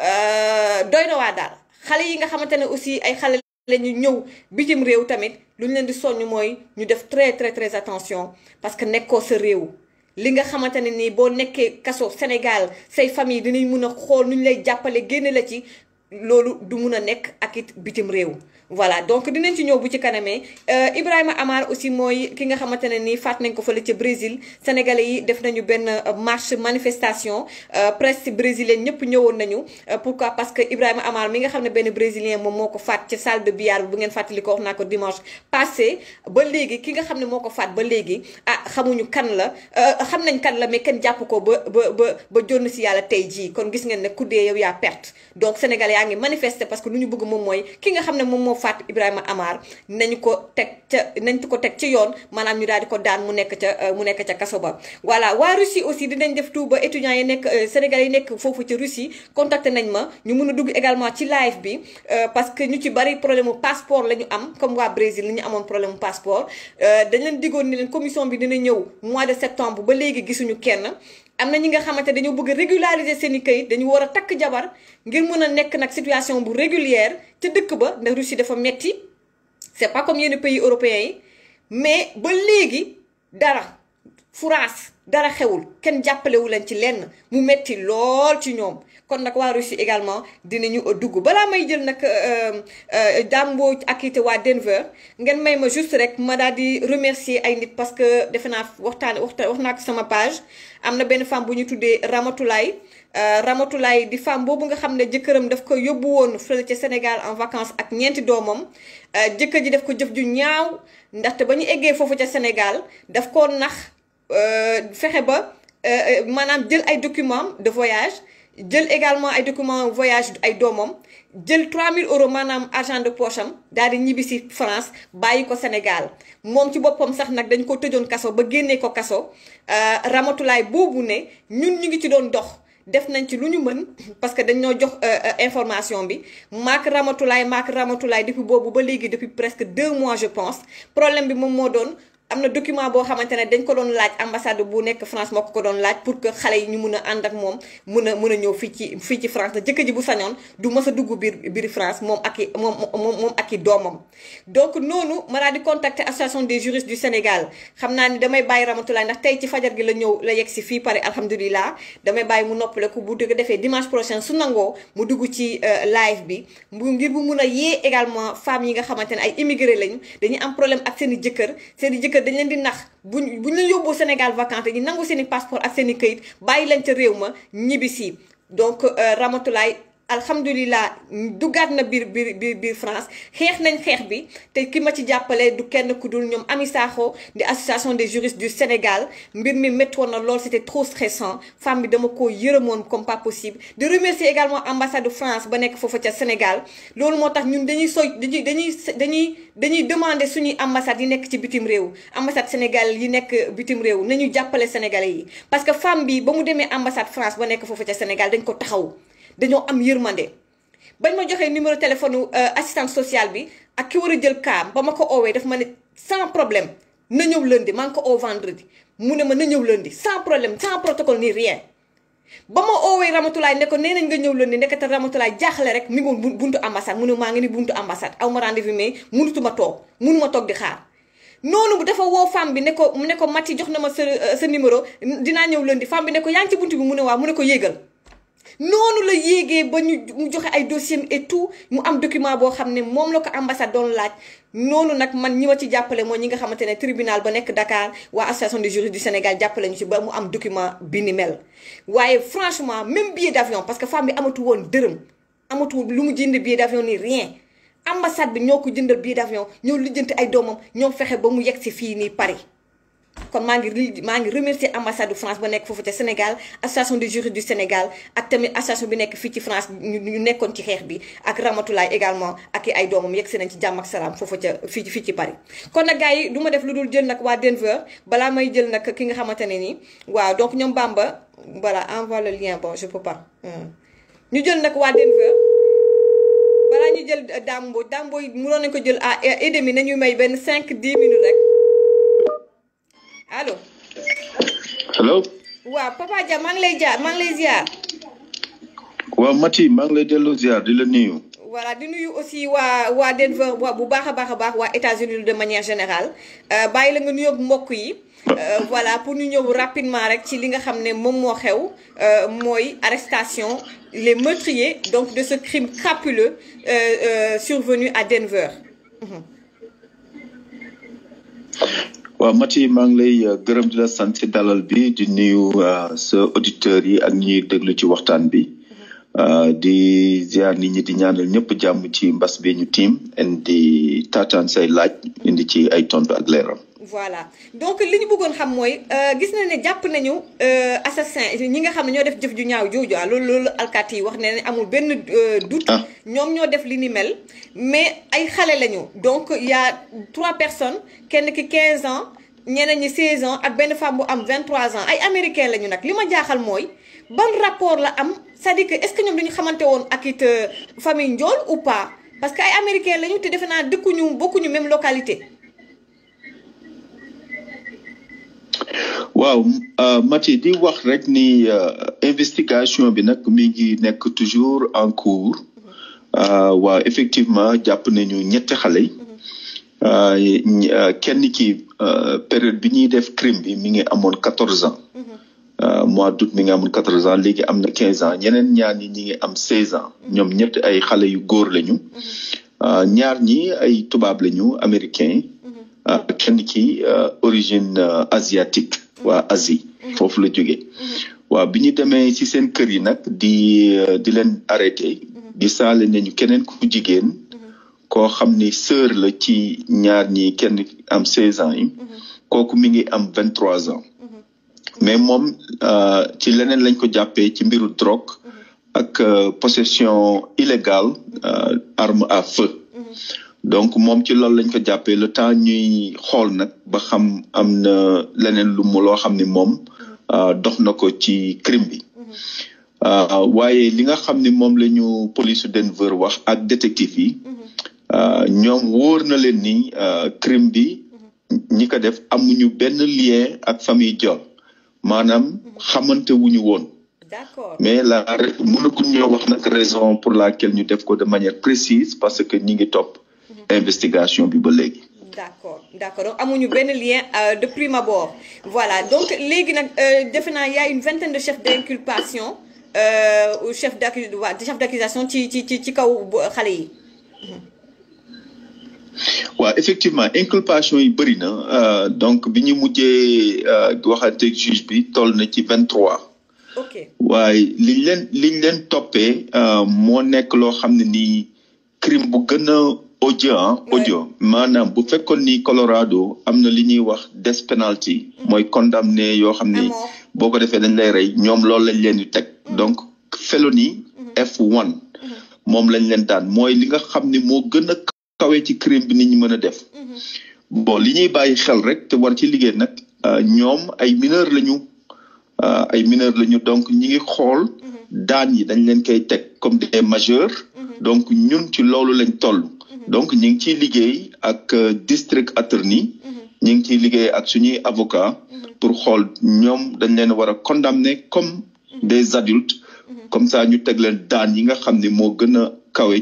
euh doy wa dal. Xalé yi nga xamantene aussi ay xalé lañu ñëw bitim réew tamit luñ leen di soññ moy ñu def très très très attention parce que nekkoo sa réew li nga xamante ni bo nekké kasso Sénégal say famille dinañ mëna xol xool ñu lay jappalé génne la ci lolu du mëna nek nekk ak bitim réew voilà donc dinañ ci ñëw bu ci euh Ibrahima Amar aussi moy ki nga xamante ne fat nañ ko fële ci Brésil sénégalais yi def nañu ben marche manifestation euh, presse brésilienne ñëpp ñëwoon nañu euh, pourquoi parce que Ibrahima Amar mi nga xamné ben brésilien mom moko fat ci salle de billard bu ngeen fatali ko wax ko dimanche passé ba légui ki nga xamné ne fat ba légui ah xamuñu kan la euh xamnañ kan la mais ken japp ko ba ba ba ba ci yalla tay ji kon gis ngeen ne kuddee yow ya perte donc sénégalais ya ngi manifester parce que lu bëgg mom moy ki nga xamné mom faat Ibrahima Amar nañu ko teg ca nañu ko teg ci yoon maanaam ñu daal di ko daan mu nekk ca mu nekk ca kaso ba voilà waa Russie aussi dinañ def tout ba étudiants yi nekk euh, Sénégal yi nekk foofu ca Russie contacté nañ ma ñu mën a dugg également ci live bi euh, parce que ñu ci bari problème mu passeport lañu am comme waa Brésil ni ñu amoon problème mu passeport euh, dañ leen diggoon ni leen commission bi dina ñëw mois de septembre ba léegi gisuñu kenn amna na ñi nga xamante dañu bëgg régulariser seen i dañu wara a jabar ngir mëna nekk situation bu régulière ci dëkk ba ndax Russie dafa metti c'est pas comme yene pays européens yi mais ba légui dara France, dara xewul kenn jàppalewu leen ci lenn mu metti lool ci ñom kon nag waa Russie également dinañu dugg bala may jël nak euh, euh, Dame Mbodj acquitté waa Denver ngeen may ma juste rek ma daal remercier ay nit parce que defena naa waxtaan waxtaan wax ko sama page amna na femme buñu ñu ramatoulay Ramatoulaye Ramatoulaye euh, di femme bobu nga xamné ne daf ko yobbu won fële ci Sénégal en vacances ak ñeenti doomam jëkkër ji daf ko jëf ju ñaaw ndax ba ñu eggee foofu ca Sénégal daf ko nax fexé ba manam jël ay documents de voyage jël également ay documents voyage ay domom jël 3000 euros manam argent de poche am dal di ñibbi si France bayiko Sénégal mom ci bopom sax nak dañ ko tëjoon kasso ba génné ko kasso euh ramatoulay boobu né ñun ñu ngi ci doon dox def nañ ci luñu ñu mën parce que dañ ñoo jox euh, euh, information bi mak ramatoulay mak ramatoulay depuis boobu ba légui depuis presque 2 mois je pense problème bi mom mo doon amna document bo xamantene dañ ko doon laaj ambassade bu nek France moko ko doon laaj pour que xalé yi ñu mëna and ak mom mëna mëna ñëw fi ci fi ci France te jëkkër ji bu sañoon du mësa duggu dugg biir biir France mom ak mom moom moom moom ak i donc noonu ma di contacter association des juristes du Sénégal xamna ni damay bàyyi Ramatoulaye ndax tay ci fajar gi la ñëw la yegg si fii pare alhamdulilah damay bàyyi mu noppale ko bu dëgg défé dimanche prochain su nango mu duggu ci euh, live bi ngir bu mëna yé également femme yi nga xamantene ay immigré lañ dañuy am problème ak seen jëkkeur jëkkër seen i que dañ leen di nax buñ buñ leen yóbboo Sénégal vacante ñi nangu seeni i passeport ak seeni kayit bàyyi leen ca réew ma ñibbisi donc euh, Ramatoulaye Alhamdulillah, duggaat na bir bir bir France xex nañ xex bi te ki ma ci jappalé du kenn ku dul ñoom Ami Sakho di association des juristes du Sénégal mbir mi metto na lool c'était trop stressant femme bi dama ko yërëmoon comme pas possible. de remercier également ambassade de France ba nek fofu ca Sénégal lool motax ñun dañuy soy dañuy dañuy dañuy demander suñu ambassade yi nek ci bitim réew ambassade Sénégal yi nek bitim réew nañu jappalé sénégalais yi parce que femme bi ba mu démé ambassade France ba nek fofu ca Sénégal dañ ko taxaw. dañoo am yërmande bañ ma joxee numéro téléphone euh, assistance sociale bi ak ki war a jël kaam ba ma ko oowee daf ma ne sans problème na ñëw lundi maa ngi ko oo vendredi mu ne ma na ñëw lundi sans problème sans protocole ni rien ba ma oowee Ramatulaay ne ko nee nañ nga ñëw lundi nekkata Ramatulaay jaaxle rek mi ngi woon buntu ambassade mu ne maa ngi ni buntu ambassade aw ma rendez-vous mais mënutuma toog mënuma toog di xaar noonu dafa woo femme bi ne ko ne ko Mati jox na ma sa euh, sa numéro dinaa ñëw lundi femme bi ne ko yaa ngi ci buntu bi mu ne waaw mu ne ko yéegal noonu la yéegee ba ñu mu joxe ay dossiers et tout mu am document bo xamné mom moom la ko ambassade don laaj noonu nak man ñi ci jappalé mo ñi nga xamante tribunal ba nek Dakar wa association des juristes du Sénégal jappalé ñu ci ba mu am document bi ni mel franchement même billet d'avion parce que femme bi amatu won deureum amatu lu mu jënd billet d'avion ni rien ambassade bi ñoko ko jëndal billet d'avion ñoo lijjanti ay doomam ñoo fexé ba mu yegg si fii Paris kon remercie ngi remercier ambassade de France qui est foofu Sénégal association des juristes du Sénégal ak tamit association bi France ñu est ci xeex bi Ramatoulaye également ak qui doomam nañ ci en ak Paris. kon les gars yi du def ce que jël fais à Denver je may jël nag ki nga xamante donc ñoom Bamba voilà envoie le lien bon je peux pas hmm. ñu jël nag Denver. d'un ñu jël Dambo. Dambo, Dame Mbodj nous ko jël à et nañu may 5 10 minutes Allô. Allô. Wa papa ja maa ngi lay lay ziar. Mati maa ngi lay delloo ziar di la nuyu. voilà di nuyu aussi wa wa Denver wa bu baakha baakha baakh wa États-Unis de manière générale Euh bayila nga nuyoog mbok yi. Euh, voilà pour nous ñëw rapidement rek ci li nga xamné mom mo xew euh moy arrestation les meurtriers donc de ce crime crapuleux euh, euh, survenu à Denver. Mmh. waaw Maty maa ngi lay euh, gërëm di la sant ci dalal bi di nuyu euh, sa auditeurs yi ak ñuy déglu ci waxtaan bi mm-hmm. euh, di ziar nit ñi di ñaanal ñëpp jàmm ci mbas bi ñu tiim indi taataan say laaj indi ci ay tontu ak leeral. voilà donc li ñu bëggoon xam mooy euh, gis na ne jàpp nañu euh, assassin ñi nga xam ne ñoo def jëf ju ñaaw jooju ah loolu loolu alkaati yi wax ne amul benn euh, doute ah. ñoom ñoo def li ni mel mais ay xale lañu donc y a trois personnes kenn ki 15 ans ñeneen ñi 16 ans ak benn femme bu am 23 ans ay américain lañu nag li ma jaaxal mooy ban rapport la am cest à que est-ce que ñoom dañu xamante woon ak it famille Ndiol ou pas parce que ay américain lañu te defe naa dëkkuñu bokkuñu même localité. waaw euh, Maty di wax rek ni euh, investigation bi nag mi ngi nekk toujours en cours euh, waaw effectivement jàpp nañu ñetti xale yi kenn ki période bi ñuy def crime bi mi ngi amoon quatorze ans mois d'août mi ngi amoon quatorze ans léegi am na quinze ans ñeneen ñaar ñi ñi ngi am seize ans ñoom ñett ay xale yu góor lañu mhm. ñaar ñi ay tubaab lañu américain Euh, kenn ki euh, origine euh, asiatique ou Asie le il a ci kër yi di di arrêté a ku sœur la ci ñaar qui am 16 ans yi qui am 23 ans mais mom, ci l'année lañ ko ci mbiru drogue ak possession illégale arme à feu donc moom ci loolu lañ ko jàppee le temps ñuy xool nag ba xam am na leneen lum mu loo xam ni moom euh, dox na ko ci crime bi euh, waaye li nga xam ni moom la ñu police Denver wax ak détective yi euh, ñoom wóor na leen ni crime bi ñi ko def amuñu benn lien ak famille Diol maanaam xamante wuñu woon mais la mënaguñ ñoo wax nag raison pour laquelle ñu def ko de manière précise parce que ñi ngi topp investigation bi ba légui d'accord d'accord donc amuñu ben lien euh, de prime abord voilà donc légui nak euh, defe il y' a une vingtaine de chefs d'inculpation euh ou chef d'accusation. Ti ti chef d' ka ci ci ci kaw xalé yi. Mm-hmm. effectivement inculpation yi bëri euh, donc bini ñu mujjee waxante juge bi tol na ci vingt trois waaye liñ leen liñ leen topé moo nekk loo crime bu gën audio ah audio maanaam bu fekkoon ni Colorado am na li ñuy wax des penalty mm-hmm. mooy condamné yoo xam ne boo ko defee dañ lay rey ñoom loolu lañ leen di teg mm-hmm. donc felony mm-hmm. F1 moom lañ leen daan mooy li nga xam ni moo gën a kawee ci crime bi nit ñi mën a def bo li ñuy bàyyi xel rek te war ci liggéey nag euh, ñoom ay mineur lañu euh, ay mineur lañu donc ñi ngi xool daan yi dañ leen koy teg comme des majeurs donc ñun ci loolu lañ tol donc nous ngi liggéey ak euh, district attorney mhm. liggéey avocat mhm. pour que ñoom dañ leen comme mhm. des adultes comme ça ñu teg leen daan yi nga xam ne moo gën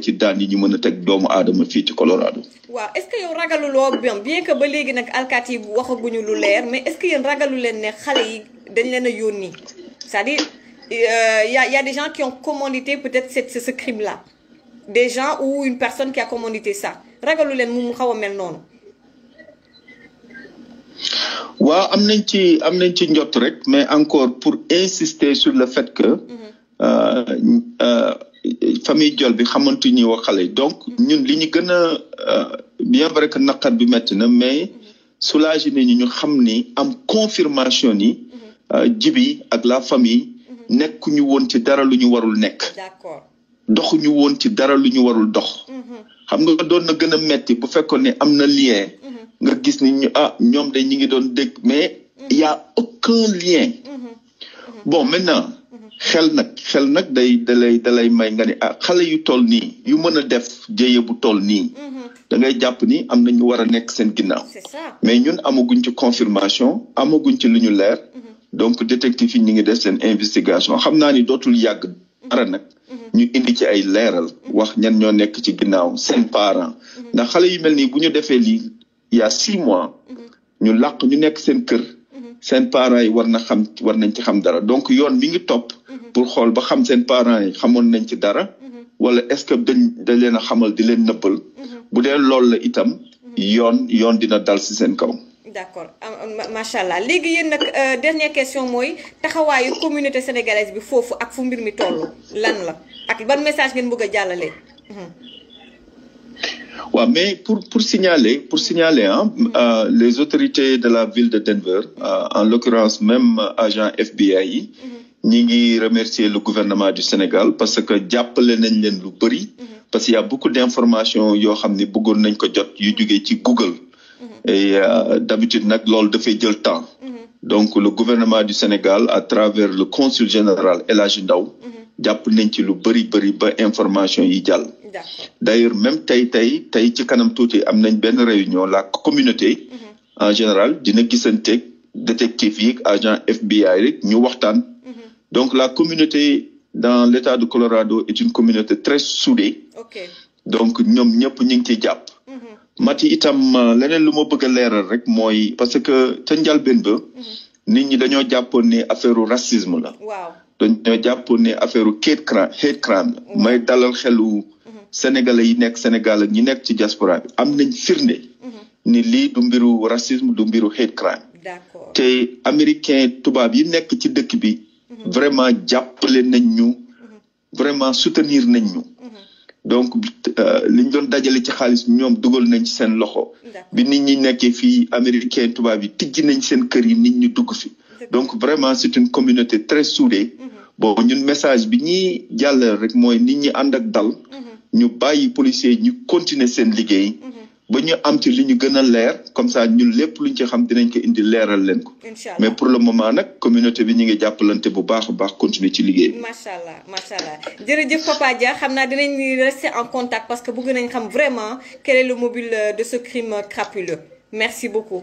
ci yi doomu Colorado. est-ce que yow bien bien que ba léegi nag waxaguñu lu mais est-ce que yéen ragalu leen ne xale yi dañ leen a c'est-à-dire euh, y y a des gens qui ont commandité peut-être ce crime là des gens ou une personne qui a commandité ça Regardez les mu xaw a mel noonu. waaw ci ci rek mais encore pour insister sur le fait que. Mhm. Euh, euh, famille Diol bi xamantu ñi wax donc mhm. ñun li ñu gën euh, bien vrai que naqar bi metti na mais mhm. soulage ni ñu xam ni am confirmation ni jibi ak la famille nekku ñu won ci dara lu ñu warul nek d'accord. doxuñu woon ci dara lu ñu warul dox. Mm-hmm. xam nga doon na gën a metti bu fekkoon ne am na lien. Mm-hmm. nga gis ni ñu ah ñoom de ñu ngi doon dégg mais mm-hmm. y a lien. bon maintenant xel nag xel nag day dalay dalay may nga ni ah xale yu toll nii yu mën a def jéye bu toll nii. da ngay jàpp ni am na ñu war a nekk seen ginnaaw. mais ñun amaguñ ci confirmation amaguñ ci lu ñu leer. donc détective yi ñu ngi def seen investigation xam naa ni dootul yàgg dara nag. ñu indi ci ay leeral wax ñan ñoo nekk ci ginnaaw seen parents ndax xale yu mel nii bu ñu defee lii il y mois ñu làq ñu nekk seen kër seen parents yi war na xam war nañ ci xam dara donc yoon mi ngi topp pour xool ba xam seen parents yi xamoon nañ ci dara wala est-ce que dañ dañ leen a xamal di leen nëppal bu dee loolu la itam yoon yoon dina dal ci seen kaw D'accord. Ah, Masha'Allah. Euh, dernière question la communauté sénégalaise bi fofu ak fu mbir mi message mhm. mais pour pour signaler pour signaler hein, euh, les autorités de la ville de Denver euh, en l'occurrence même agent FBI mhm. le gouvernement du Sénégal parce que mhm. parce qu'il y' a beaucoup d'informations qui Google. Mm-hmm. et euh, d'habitude nag de fait le temps mm-hmm. donc le gouvernement du Sénégal à travers le consul général et l'agenda, a pris nañ ci lu information d'ailleurs même si tey a ci kanam réunion la communauté mm-hmm. en général dina détectives, détective agents agent FBI rek ñu donc la communauté dans l'État du Colorado est une communauté très soudée donc nous ñëpp ñu ngi nous Mati itam euh, leneen lu ma bëgg a leeral rek mooy parce que ca njalbeen ba mhm. nit ñi dañoo jàppoon ni affaire racisme la. waaw dañoo jàppoon ni affaire hate crime hate crime la. may dalal xelu mhm. sénégalais yi nekk Sénégal ak ñi nekk ci diaspora bi am nañ firnde. Mhm. ni lii du mbiru racisme du mbiru hate crime. d'accord te américain tubaab yi nekk ci dëkk bi. vraiment jàppale nañ ñu. vraiment soutenir nañ ñu. donc euh, li ñu doon dajale ci xaalis ñoom dugal nañ ci seen loxo. bi nit ñi nekkee fii américain tubaab yi tijji nañ seen kër yi nit ñi dugg fi. donc vraiment c'est une communauté très soudée. Mhm. bon ñun message bi ñuy jàllale rek mooy nit ñi ànd ak dal. Mhm. ñu bàyyi policiers ñu continuer seen liggéey. Mhm. ba ñu am ci li ñu gën a leer comme ça ñun lépp luñ ci xam dinañ ko indi leeral leen ko. mais pour le moment nag communauté bi ñu ngi jàppalante bu baax a baax continuer ci liggéey bi. macha allah macha allah jërëjëf Papa Dia xam naa dinañ rester en contact parce que bëgg nañ xam vraiment quel est le mobile de ce crime crapuleux merci beaucoup.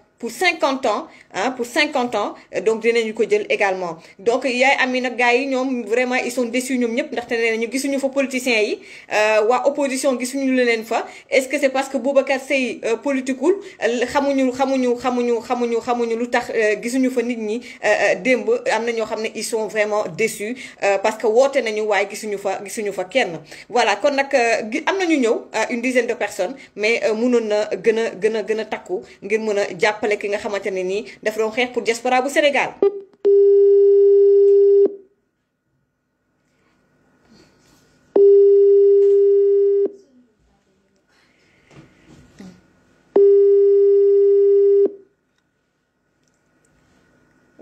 pour 50 ans hein, pour 50 ans euh, donc dinañu ko jël également donc il Amina ñom vraiment ils sont déçus ñom ñep ndax gens nañu gisuñu fa politiciens yi euh, wa opposition gisuñu leen fa est-ce que c'est parce que Boubacar Seye euh, politiqueul xamuñu xamuñu xamuñu xamuñu xamuñu lutax gisuñu fa nit ñi démb am na ils sont vraiment déçus parce que sont nañu way gisuñu fa qui fa kenn voilà kon sont, amna ñu une dizaine de personnes mais mënoon na gën a jàppale ki nga xamanteni ni daf doon xex pour diaspora bu Sénégal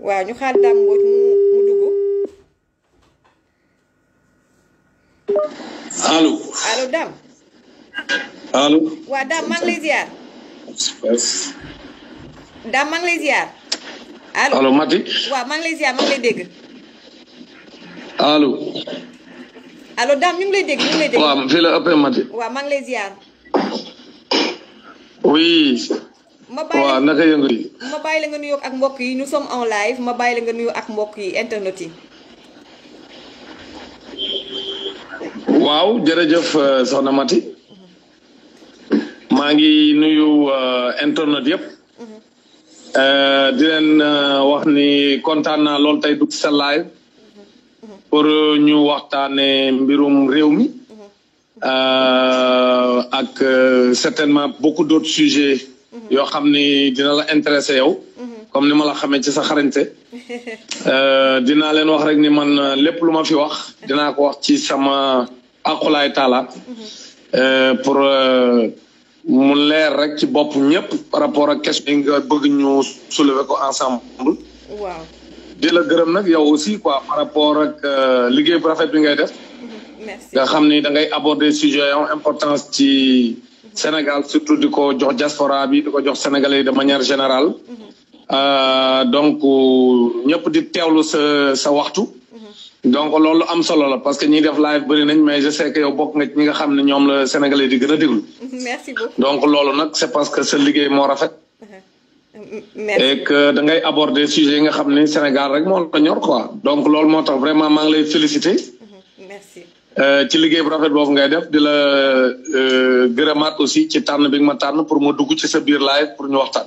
waaw ñu xaar dam bo mu duggu allo allo dam allo wa dam ma ngi lay ziar da maa ngi lay ziar. allo allo Mati. waaw maa lay ziar maa lay dégg. allo. allo Dame ñu ngi lay ñu ngi lay la Mati. waaw maa lay ziar. oui. ma naka yëngu ma bàyyi nga nuyoo ak mbokk yi nous sommes en live ma nga ak mbokk yi internet yi. waaw euh, soxna Mati. maa ngi nuyu euh, internet yëpp. Euh, di leen euh, wax ni kontaan naa lool tey dugg sa live pour ñu waxtaanee mbirum réew mi euh, ak certainement beaucoup d' autres sujets yoo xam ni dina la intéressé yow comme ni ma la xamee ci sa xarañte dinaa leen wax rek ni man lépp lu ma fi wax dinaa ko wax ci sama aqulaay taala mhm. pour mu leer rek ci bopp ñëpp par rapport ak question yi nga bëgg ñu soulever ko ensemble. waaw di la gërëm nag yow aussi quoi par rapport ak euh, liggéey bu rafet bi ngay def. Mm-hmm. nga xam ni da ngay aborder sujet yi am importance ci Sénégal surtout di ko jox diaspora yi di ko jox Sénégalais yi de manière générale. Mm-hmm. Euh, donc euh, ñëpp di teewlu sa sa waxtu. donc loolu am solo la parce que ñiy def live bëri nañ mais je sais bokk nga ci nga xam ne ñoom la sénégalais di gën a déglu. donc loolu nag c' parce que sa liggéey moo rafet. Uh-huh. merci et da ngay aborder sujets yi nga xam ne Sénégal rek moo la ñor quoi donc loolu moo tax vraiment maa ngi lay féliciter. Uh-huh. merci. Euh, ci liggéey bu rafet boobu ngay def di la euh, gërëmaat aussi ci tànn big ma tànn pour ma dugg ci sa biir live pour ñu waxtaan.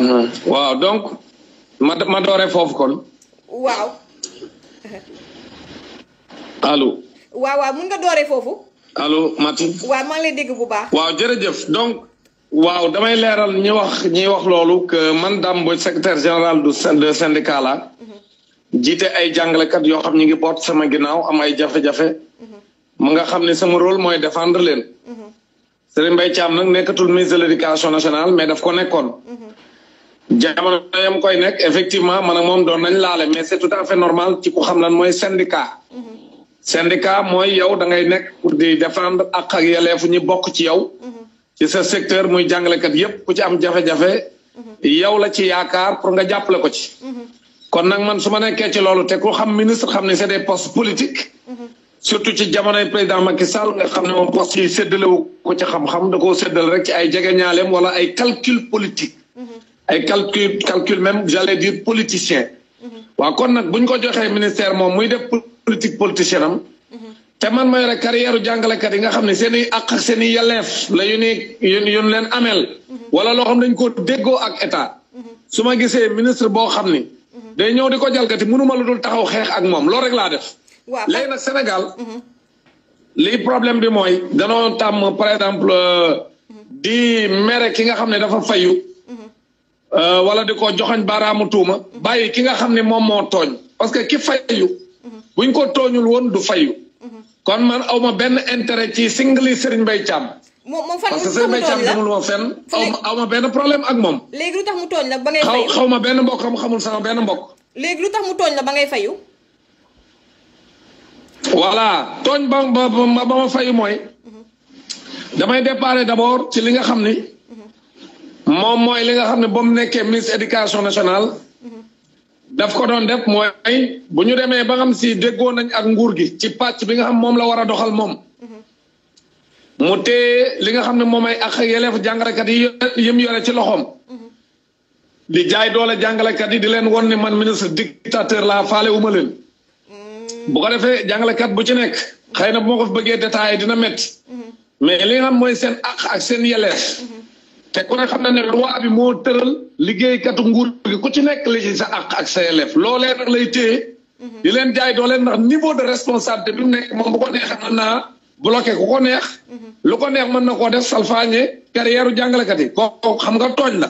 Mhm. Wow, donc ma doré doore kon Wow. Allô. waaw waaw mën nga doré fofu? Allô, Mati Wa ma lay dégg bu baax waaw jërëjëf donc wow, damay léral ñi wax ñi wax lolu que man dam bo secrétaire général du de syndicat la mhm. Jité ay kat yo xam ñi ngi bot sama ginau am ay jafe-jafe mu mhm. nga xam ne sama rôle moy défendre leen Serigne Mbaye Thiam nak nekatul ministre de l'éducation nationale mais daf ko jamono yam koy nekk effectivement man ak moom doon nañ laale mais c'est tout à fait normal ci ku xam lan mooy syndicat. syndicat mooy yow da ngay nekk pour di défendre ak ak yeleefu ñi bokk ci yow. ci sa secteur muy jàngalekat yépp ku ci am jafe-jafe. yow la ci yaakaar pour nga jàppale ko ci. kon nag man su ma nekkee ci loolu te ku xam ministre xam ne c'est des postes politiques. surtout ci jamonoy président ma Macky Sall nga xam ne moom poste yi séddalewu ko ci xam-xam da koo séddal rek ci ay jegeñaaleem wala ay calcul politique. ay calcul calcul même j'allais dire politicien mm-hmm. wa kon nak buñ ko joxé ministère mom muy def politique politicien mm-hmm. té man may rek carrière jàngale kat yi nga xamné ne seen ak seen i la yuni yun len amel mm-hmm. wala lo xam dañ ko déggo ak état suma ma ministre bo xamné day ñew di jalgati mënuma lu dul taxaw xex ak mom lo rek la def lay nak sénégal li problème bi da danoo tam par exemple euh, di mere ki nga xamné dafa fayu Euh, wala di ko joxoñ baaraamu tuuma bàyyi ki nga xam ne moom moo tooñ parce que ki fayu buñ ko tooñul woon du fayu kon man awma benn intérêt ci singli Serigne Mbaye Thiam moom fan parce que Serigne Mbaye Thiam benn problème ak moom léegi lu tax la ba ngay fayu xaw ma benn mbokk am xamul sama benn mbokk léegi lu tax mu tooñ la ba ngay fayu voilà tooñ ba ba ma fayu mooy damay déparé d'abord ci li nga xam ni moom mooy li nga xam ne ba mu nekkee ministre éducation nationale daf ko doon def mooy bu ñu demee ba xam si déggoon nañ ak nguur gi ci pàcc bi nga xam moom la war a doxal moom mu téye li nga xam ne moom ay ak yeleef jàngalekat yi yëm yore ci loxoom di jaay doole jàngalekat yi di leen won ni man ministre dictateur la faale wuma leen bu ko defee jàngalekat bu ci nekk xëy na bu ma ko bëggee détaillé dina métti mais li nga xam mooy seen ak ak seen yeleef te ku ne xam na ne loi bi moo tëral liggéeykatu nguur gi ku ci nekk li ci sa àq ak sa yelleef loolee nag lay téye mhm. di leen jaay doo leen ndax niveau de responsabilité bi mu nekk moom bu ko neexee mën naa bloqué ku ko neex mhm. lu ko neex mën na koo def salfaañe carrière u jàngalekat yi kooku xam nga tooñ la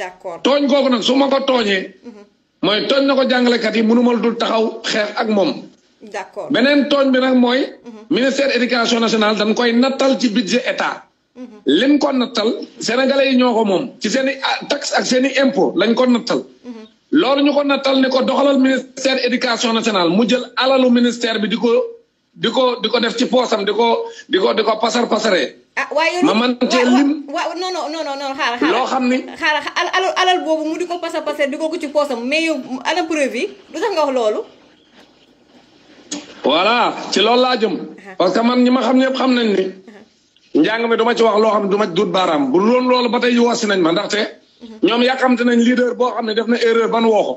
d'accord tooñ kooku nag su ma ko tooñee mhm. mooy tooñ na ko jàngalekat yi mënu ma dul taxaw xeex ak moom d'accord beneen tooñ bi nag mooy ministère éducation nationale dañ koy nattal ci budget état lim ko nattal sénégalais yi ñoo ko moom ci seen i ah, taxe ak seen i impôt lañ ko nattal loolu ñu ko nattal ni ko doxalal ministère éducation nationale mu jël alalu ministère bi di ko di ko di ko def ci poosam di ko di ko di ko pasar pasaree ah waaye ma man cee lim loo xam ni xaaral alal alal boobu mu di ko pasar pasaree di ko ko ci poosam mais yow ana preuve du tax nga wax loolu voilà ci loolu laa jëm ah. parce que man ñi ma xam ñëpp xam nañ ni ah. njàng mi du ma ci wax loo xam ne du ma duut baaraam bu loon loolu ba tey yu wasi nañ ma ndaxte ñoom yàqamte nañ leader boo xam ne def na erreur ban woo ko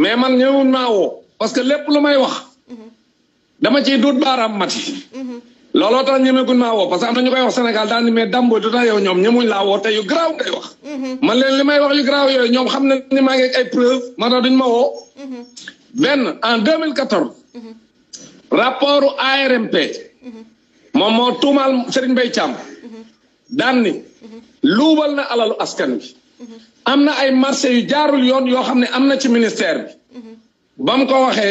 mais man ñëwuñ maa woo parce que lépp lu may wax dama ciy duut baaraam mati looloo tax ñemeeguñ maa woo parce que am na ñu koy wax Sénégal daal ni mais Dambou du tax yow ñoom ñemuñ laa woo te yu garaaw ngay wax man leen li may wax yu garaaw yooyu ñoom xam nañ ni maa ngi ay preuve maa tax duñ ma woo benn en 2014 rapportu ARMP mom mo tumal Serigne Mbaye cham daan ni na alalu askan bi amna ay marché yu jaarul yon yo xamne amna ci ministère bi bam ko waxe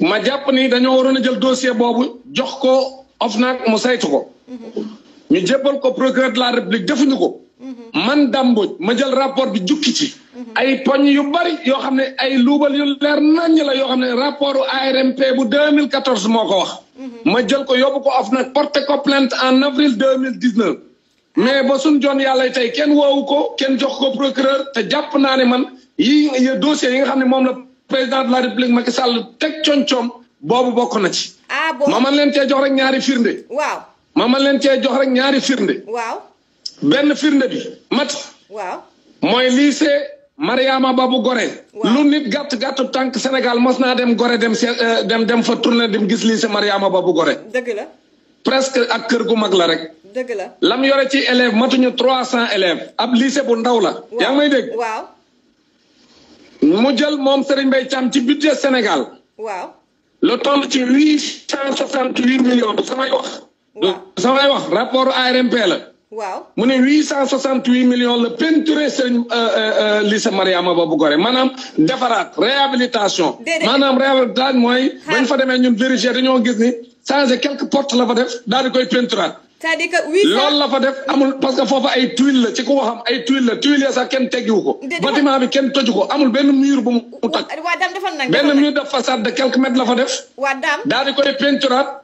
ma japp ni dañoo waroon jël dossier bobu jox ko ofnak mu saytu ko ñu jébal ko procureur de la république defuñu ko man dambo ma jël rapport bi jukki ci ay poñ yu bari yo xamne ay loubal yu leer nañ la yo xamne rapport ARMP bu 2014 moko wax ma jël ko yóbbu ko OFNAC porté ko plainte en avril 2019 mais ba sun jonne yalla tay kenn woowu ko kenn jox ko procureur te japp naa ne man yi dossier yi nga xamni mom la président de la république Macky Sall tek coom-coom bobu bokk na ci. ah boobu ma man len tay jox rek ñaari firnde. waaw ma man len tay jox rek ñaari firnde. waaw ben firnde bi mat. waaw moy lycée. Mariama Babu Gore. lu nit gàtt gàtt tànk Sénégal mas naa dem Gore dem euh, dem dem fa tourné dem gis lii si Mariama Babu Gore. dëgg la. presque ak kër gu mag la rek. dëgg la lam yore ci élèves matuñu cent élèves. ab lycée bu ndaw la. yaa ngi may dégg. waaw. mu jël moom Serigne Mbaye Thiam ci budget Sénégal. waaw. lu toll ci huit cent soixante huit millions du samay wax rapport ARMP la. waaw mu ne 868 millions la peinturé sëñ lycée Mariama Ba bu Gorée maanaam defaraat réhabilitation. maanaam réhabilitation mooy. bañ fa demee ñun vérifier dañoo gis ni changé quelques portes la fa def daal di koy peinturaat. c'est-à-dire que la fa def amul parce que foofu ay tuiles la ci ko waxam ay tuiles la tuiles ya sax kenn teggiwu ko. bâtiment bi ko amul benn mur bu mu toj. benn mur de façade de quelques mètres la fa def. daal di koy peinturaat.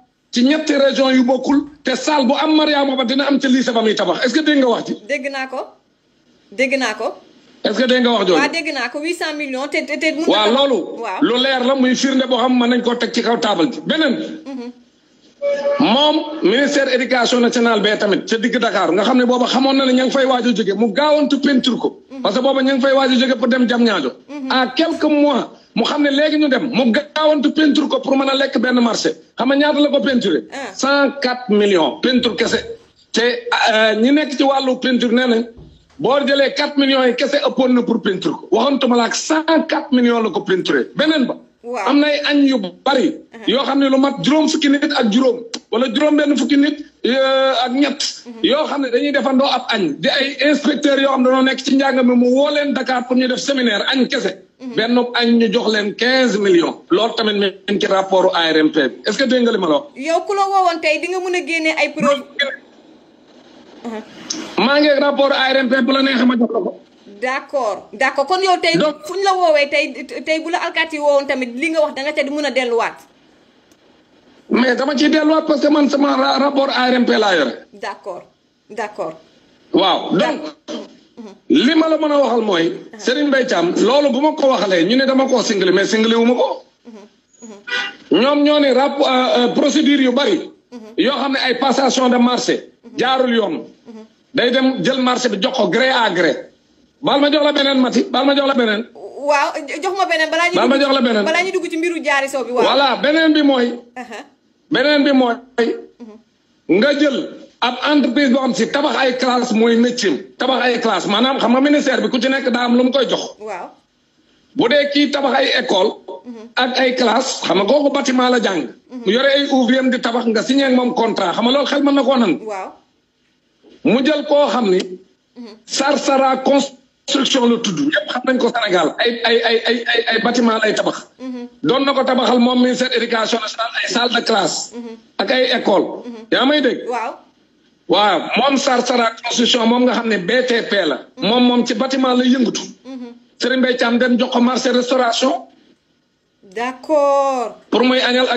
ci ñetti région yu bokkul te salle bu am Mariama ba dina am ca lycée ba muy tabax est-ce que dégg wax ji. dégg naa ko dégg naa ko. est-ce que wax jooju. waaw dégg naa ko 800 millions te te te. waaw loolu lu leer la muy firnde boo xam ma nañ koo teg ci kaw taabal ji beneen. Mm-hmm. moom ministère éducation nationale bee tamit ca digg Dakar nga xam ne booba xamoon na ne ña ngi fay waaj a jóge mu gaawantu peinture ko. Mm-hmm. parce que booba ña fay waaj a pour dem jam ñaajo. Mm-hmm. à quelques mois. moo xam ne léegi ñu dem mu gaawantu peinture ko pour mën a lekk benn marché xam nga ñaata la ko peinturé. Ah. cent quatre millions peinture kese. te euh, ñi nekk ci wàllu peinture nee nañ boo jëlee quatre millions yi kese ëppoon na pour peinture ko waxantuma la ak cent quatre millions la ko peinturé beneen ba. am na ay añ yu bari. Ah. yoo xam ne lu mat juróom fukki nit ak juróom wala juróom benn fukki nit. Euh, ak ñett mhm. yoo xam ne dañuy defandoo ab añ di ay inspecteurs yoo xam ne dañoo nekk ci njàng mi mu woo leen Dakar pour ñu def séminaire añ kese mhm. benn añ ñu jox leen quinze millions loolu tamit meen ci rapport ARMP bi est-ce que dégg nga li ma la wax yow ku la woowoon tey di nga mën a génne ay preuve maa ngi rapport ARMP bu la neexee ma jox la ko d'accord d'accord kon yow tey fu ñu la woowee tey tey bu la alkaati yi woowoon tamit li nga wax da nga ca di mën a delluwaat mais dama ci wat parce que man sama rapport ARMP la yor. D'accord. D'accord. d' waaw donc. li ma la mën waxal moy Serigne Mbaye Thiam loolu bu ko waxalee ñu ne dama ko mais wu mako. Ñom ñoni rap procédure yu bari. yo xamné ay passation de marché. jaarul yoon. day dem jël marché bi jox ko gré à gré. Bal ma jox la benen Mati bal ma jox la benen. waaw jox ma benen balanya ñu baal ma jox la benen bala ñu dugg ci mbiru jaari so bi. waaw voilà benen bi beneen bi mooy nga jël ab entreprise boo xam si tabax ay classe mooy nëccim tabax ay classe maanaam xam nga ministère bi ku ci nekk daa am lu mu koy jox. waaw bu dee kii tabax ay école. ak ay classe xam nga kooku bâtiment la jàng. mu yore ay ouvrier di tabax nga si ñeen moom contrat xam nga loolu xel ma na koo nan. waaw mu jël koo xam ni. Mhm. sarsara const. construction la tudd ñëpp xam nañ ko Sénégal ay ay ay ay lay tabax mhm. doon na ko tabaxal moom ministère éducation nationale ay salle de classe mhm. ak ay école mhm. yaa may dégg waaw waaw moom sar sara construction moom nga xam ne BTP la moom moom ci batiment lay yëngatu Serigne Mbaye Thiam dem jox ko marché restauration d'accord pour mooy añal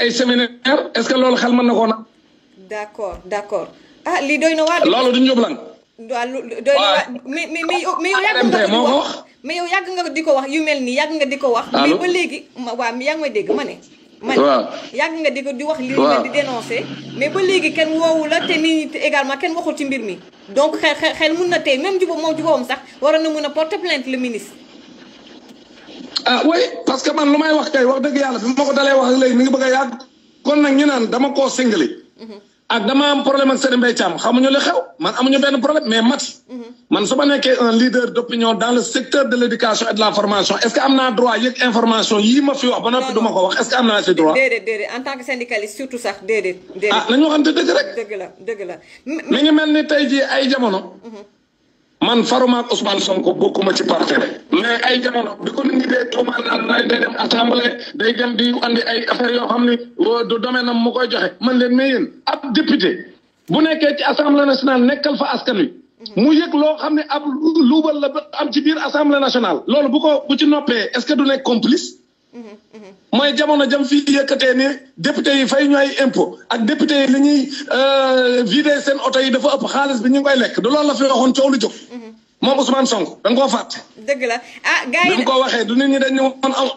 ay séminaire est-ce que loolu xel ma na koo nag d'accord d'accord ah lii doy na waa loolu du njublang waaw loolu doy na mais mais mais yow ah, nga wax mais yow yàgg nga di ko wax yu mel nii yàgg nga di ko wax. mais ba léegi waaw mais yaa ngi may dégg ma ne. man yàgg nga di ko di wax li nga di dénoncé. mais ba léegi kenn woowu la te nii également kenn waxul ci mbir mi. donc xel xel xel mun na tey même juba moom jubawam sax waroon na mun a porter plainte le ministre. ah oui parce que man lu may wax kay wax dëgg yàlla bi ma ko dalee wax ak léegi mi ngi bëgg a yàgg kon nag ñu naan dama koo singali. Mm-hmm. ak dama am problème ak Serigne Mbaye Thiam xamuñu li xew man amuñu benn problème mais Maty mhm. man su ma nekkee un leader d'opinion dans le secteur de l'éducation et de la formation est-ce que am naa droit yëg information yii ma fi wax ba noppi du ma ko wax est-ce que am naa ci droit. déedéet déedéet en tant que syndicaliste surtout sax déedéet. déedéet ah nañu waxante dëgg rek. dëgg la dëgg la. mi ngi mel ni tey jii ay jamono. Mhm. man faruma ak Ousmane Sonko bokkuma ci parti mais ay jamono bi ko nit ñi dee tuumaal naan na day dem assemblée day dem di andi ay affaire yoo xam ni du domaine am moo koy joxe man leen mais yéen ab député bu nekkee ci assemblée nationale nekkal fa askan mu yëg loo xam ne ab luubal la am ci biir assemblée nationale. loolu bu ko bu ci noppee est-ce que du nekk complice. mooy jamono jam fii yëkkatee ne député yi fay ñu ay impôt ak député yi li ñuy euh, vider seen oto yi dafa ëpp xaalis bi ñu ngi lekk du loolu la fi waxoon coow lu jóg. moom Ousmane Sonko da nga koo fàtte. dëgg la ah gars yi waxee du nit ñi dañ ñu woon am.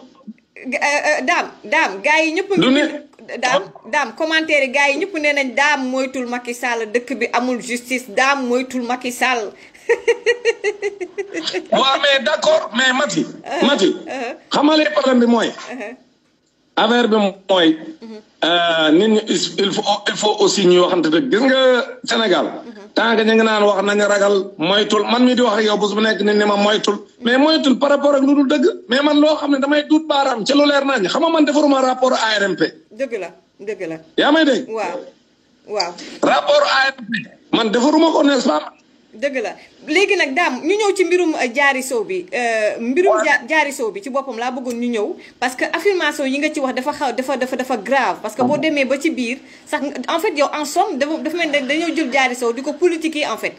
daam daam gars yi ñëpp. du nit daam daam commentaire yi yi ñëpp nee nañ daam moytul Macky Sall dëkk bi amul justice daam moytul Macky Sall. waaw mais d' accord mais Mati. Mati xamalee problème bi mooy. affaire bi mooy. Euh, nit ñi il faut il faut aussi ñuy waxante dëgg gis nga Sénégal. tant que ñu ngi naan wax nañu ragal moytul man mii di wax ak yow bés bu nekk nit ñi ma moytul. mais moytul par rapport ak lu dul dëgg. mais man loo xam ne damay duut baaraam ci lu leer naa ñu xam nga man defaruma rapport ARMP. dëgg la la. yaa may dégg. waaw waaw. man defaruma ko nest dëgg la léegi nag daam ñu ñëw ci mbirum jaari euh, sow bi euh, mbirum jaari sow bi ci boppam laa bëggoon ñu ñëw parce que affirmation yi nga ci wax dafa xaw dafa dafa dafa grave parce que boo mhm. demee ba ci biir sax en yow en somme dafa dafa mel ne dañoo jël jaari sow di ko politique yi en fait